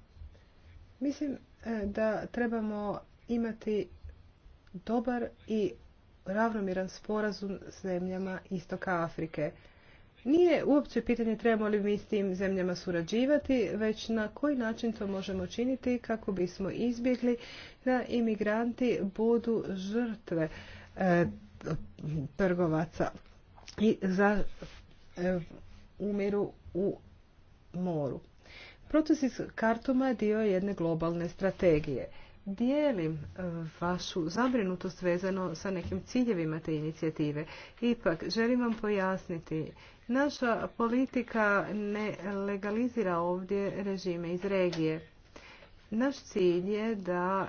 mislim e, da trebamo imati dobar i ravnomjeran sporazum s zemljama Istoka Afrike. Nije uopće pitanje trebamo li mi s tim zemljama surađivati, već na koji način to možemo činiti kako bismo izbjegli da imigranti budu žrtve e, trgovaca i za e, umiru u moru. Proces iz kartoma je dio jedne globalne strategije. Dijelim e, vašu zabrinutost vezano sa nekim ciljevima te inicijative. Ipak, želim vam pojasniti Naša politika ne legalizira ovdje režime iz regije. Naš cilj je da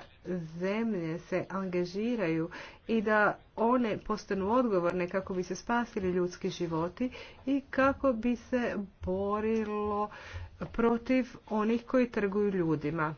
zemlje se angažiraju i da one postanu odgovorne kako bi se spasili ljudski životi i kako bi se borilo protiv onih koji trguju ljudima.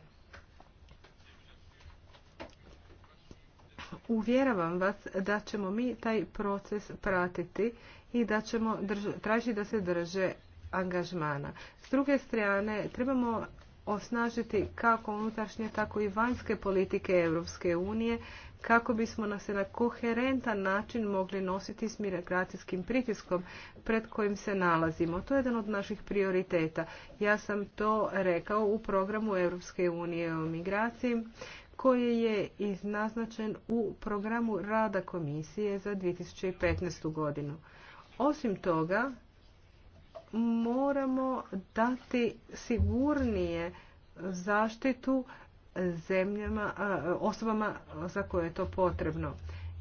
Uvjeravam vas da ćemo mi taj proces pratiti i da ćemo tražiti da se drže angažmana. S druge strane, trebamo osnažiti kako unutrašnje, tako i vanjske politike Europske unije, kako bismo nas se na koherentan način mogli nositi s migracijskim pritiskom pred kojim se nalazimo. To je jedan od naših prioriteta. Ja sam to rekao u programu Europske unije o migraciji, koji je iznaznačen u programu rada komisije za 2015. godinu. Osim toga, moramo dati sigurnije zaštitu zemljama, osobama za koje je to potrebno.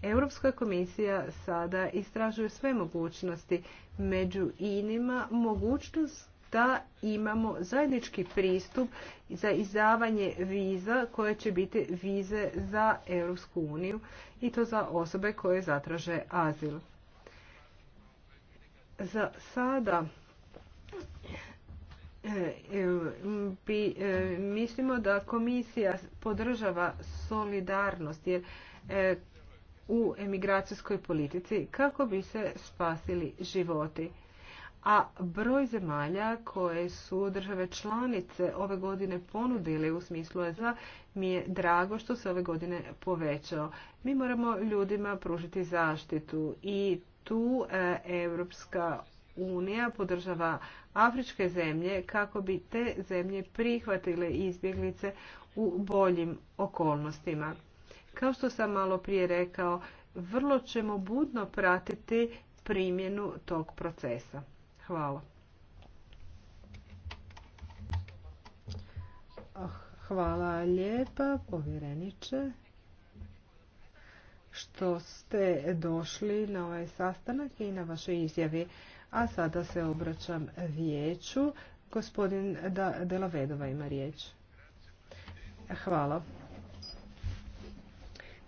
Europska komisija sada istražuje sve mogućnosti, među inima mogućnost da imamo zajednički pristup za izdavanje viza koje će biti vize za EU uniju i to za osobe koje zatraže azil. Za sada e, e, e, mislimo da komisija podržava solidarnost u emigracijskoj politici kako bi se spasili životi. A broj zemalja koje su države članice ove godine ponudili u smislu je za mi je drago što se ove godine povećao. Mi moramo ljudima pružiti zaštitu i tu Europska unija podržava afričke zemlje kako bi te zemlje prihvatile izbjeglice u boljim okolnostima. Kao što sam malo prije rekao, vrlo ćemo budno pratiti primjenu tog procesa. Hvala. Ah, hvala lijepa, povjereniče što ste došli na ovaj sastanak i na vaše izjavi. A sada se obraćam vijeću. Gospodin Dela Vedova ima riječ. Hvala.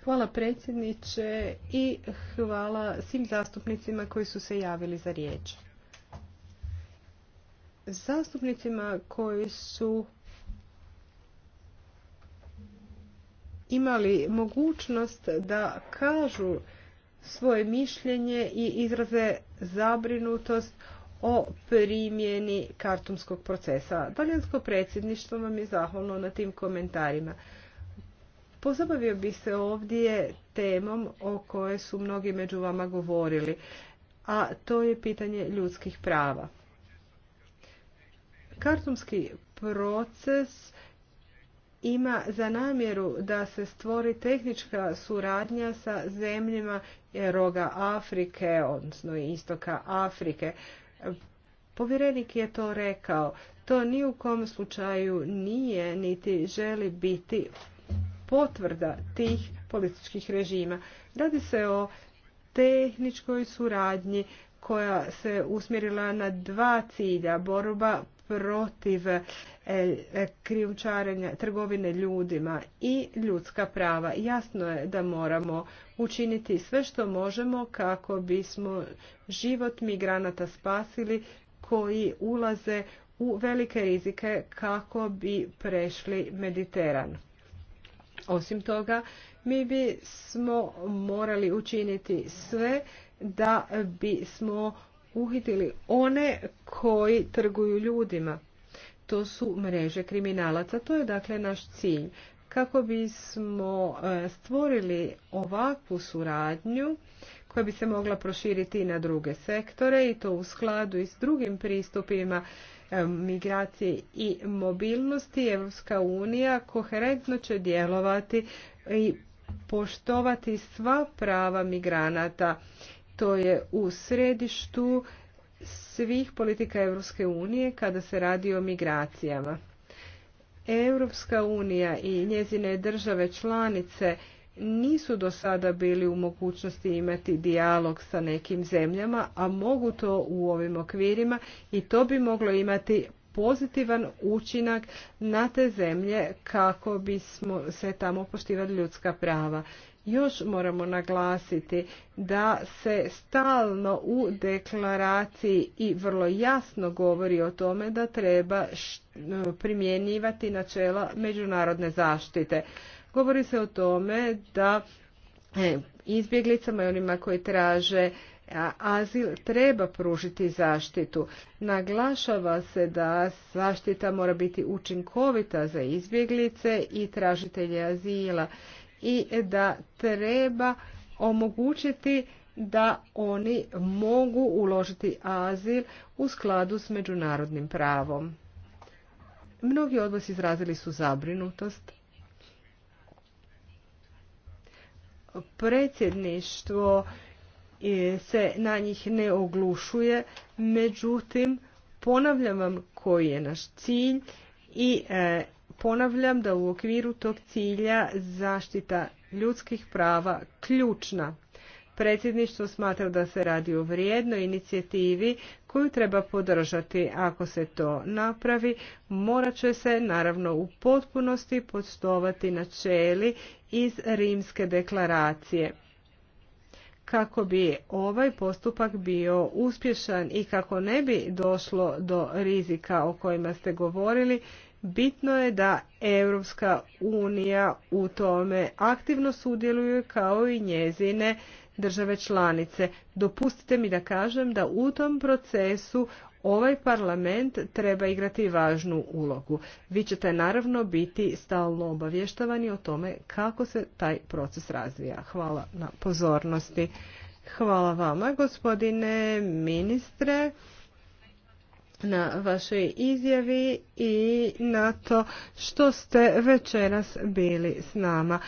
Hvala predsjedniče i hvala svim zastupnicima koji su se javili za riječ. Zastupnicima koji su imali mogućnost da kažu svoje mišljenje i izraze zabrinutost o primjeni kartumskog procesa. Talijansko predsjedništvo vam je zahvalno na tim komentarima. Pozabavio bi se ovdje temom o kojoj su mnogi među vama govorili, a to je pitanje ljudskih prava. Kartumski proces ima za namjeru da se stvori tehnička suradnja sa zemljima roga Afrike, odnosno istoka Afrike. Povjerenik je to rekao. To ni u kom slučaju nije niti želi biti potvrda tih političkih režima. Radi se o tehničkoj suradnji koja se usmjerila na dva cilja, borba protiv e, e, krijumčarenja trgovine ljudima i ljudska prava. Jasno je da moramo učiniti sve što možemo kako bismo život migranata spasili koji ulaze u velike rizike kako bi prešli Mediteran. Osim toga, mi bismo morali učiniti sve da bismo uhitili one koji trguju ljudima. To su mreže kriminalaca. To je dakle naš cilj. Kako bismo e, stvorili ovakvu suradnju koja bi se mogla proširiti i na druge sektore i to u skladu i s drugim pristupima e, migracije i mobilnosti, Evropska unija koherentno će djelovati i poštovati sva prava migranata to je u središtu svih politika Europske unije kada se radi o migracijama. Europska unija i njezine države članice nisu do sada bili u mogućnosti imati dijalog sa nekim zemljama, a mogu to u ovim okvirima i to bi moglo imati pozitivan učinak na te zemlje kako bismo se tamo poštivali ljudska prava. Još moramo naglasiti da se stalno u deklaraciji i vrlo jasno govori o tome da treba primjenjivati načela međunarodne zaštite. Govori se o tome da e, izbjeglicama i onima koji traže azil treba pružiti zaštitu. Naglašava se da zaštita mora biti učinkovita za izbjeglice i tražitelje azila i da treba omogućiti da oni mogu uložiti azil u skladu s međunarodnim pravom. Mnogi od vas izrazili su zabrinutost. Predsjedništvo e, se na njih ne oglušuje, međutim ponavljam vam koji je naš cilj i e, ponavljam da u okviru tog cilja zaštita ljudskih prava ključna. Predsjedništvo smatra da se radi o vrijednoj inicijativi koju treba podržati. Ako se to napravi, morat će se naravno u potpunosti podstovati načeli iz Rimske deklaracije. Kako bi ovaj postupak bio uspješan i kako ne bi došlo do rizika o kojima ste govorili, Bitno je da Europska unija u tome aktivno sudjeluje kao i njezine države članice. Dopustite mi da kažem da u tom procesu ovaj parlament treba igrati važnu ulogu. Vi ćete naravno biti stalno obavještavani o tome kako se taj proces razvija. Hvala na pozornosti. Hvala vama, gospodine ministre na vašoj izjavi i na to što ste večeras bili s nama.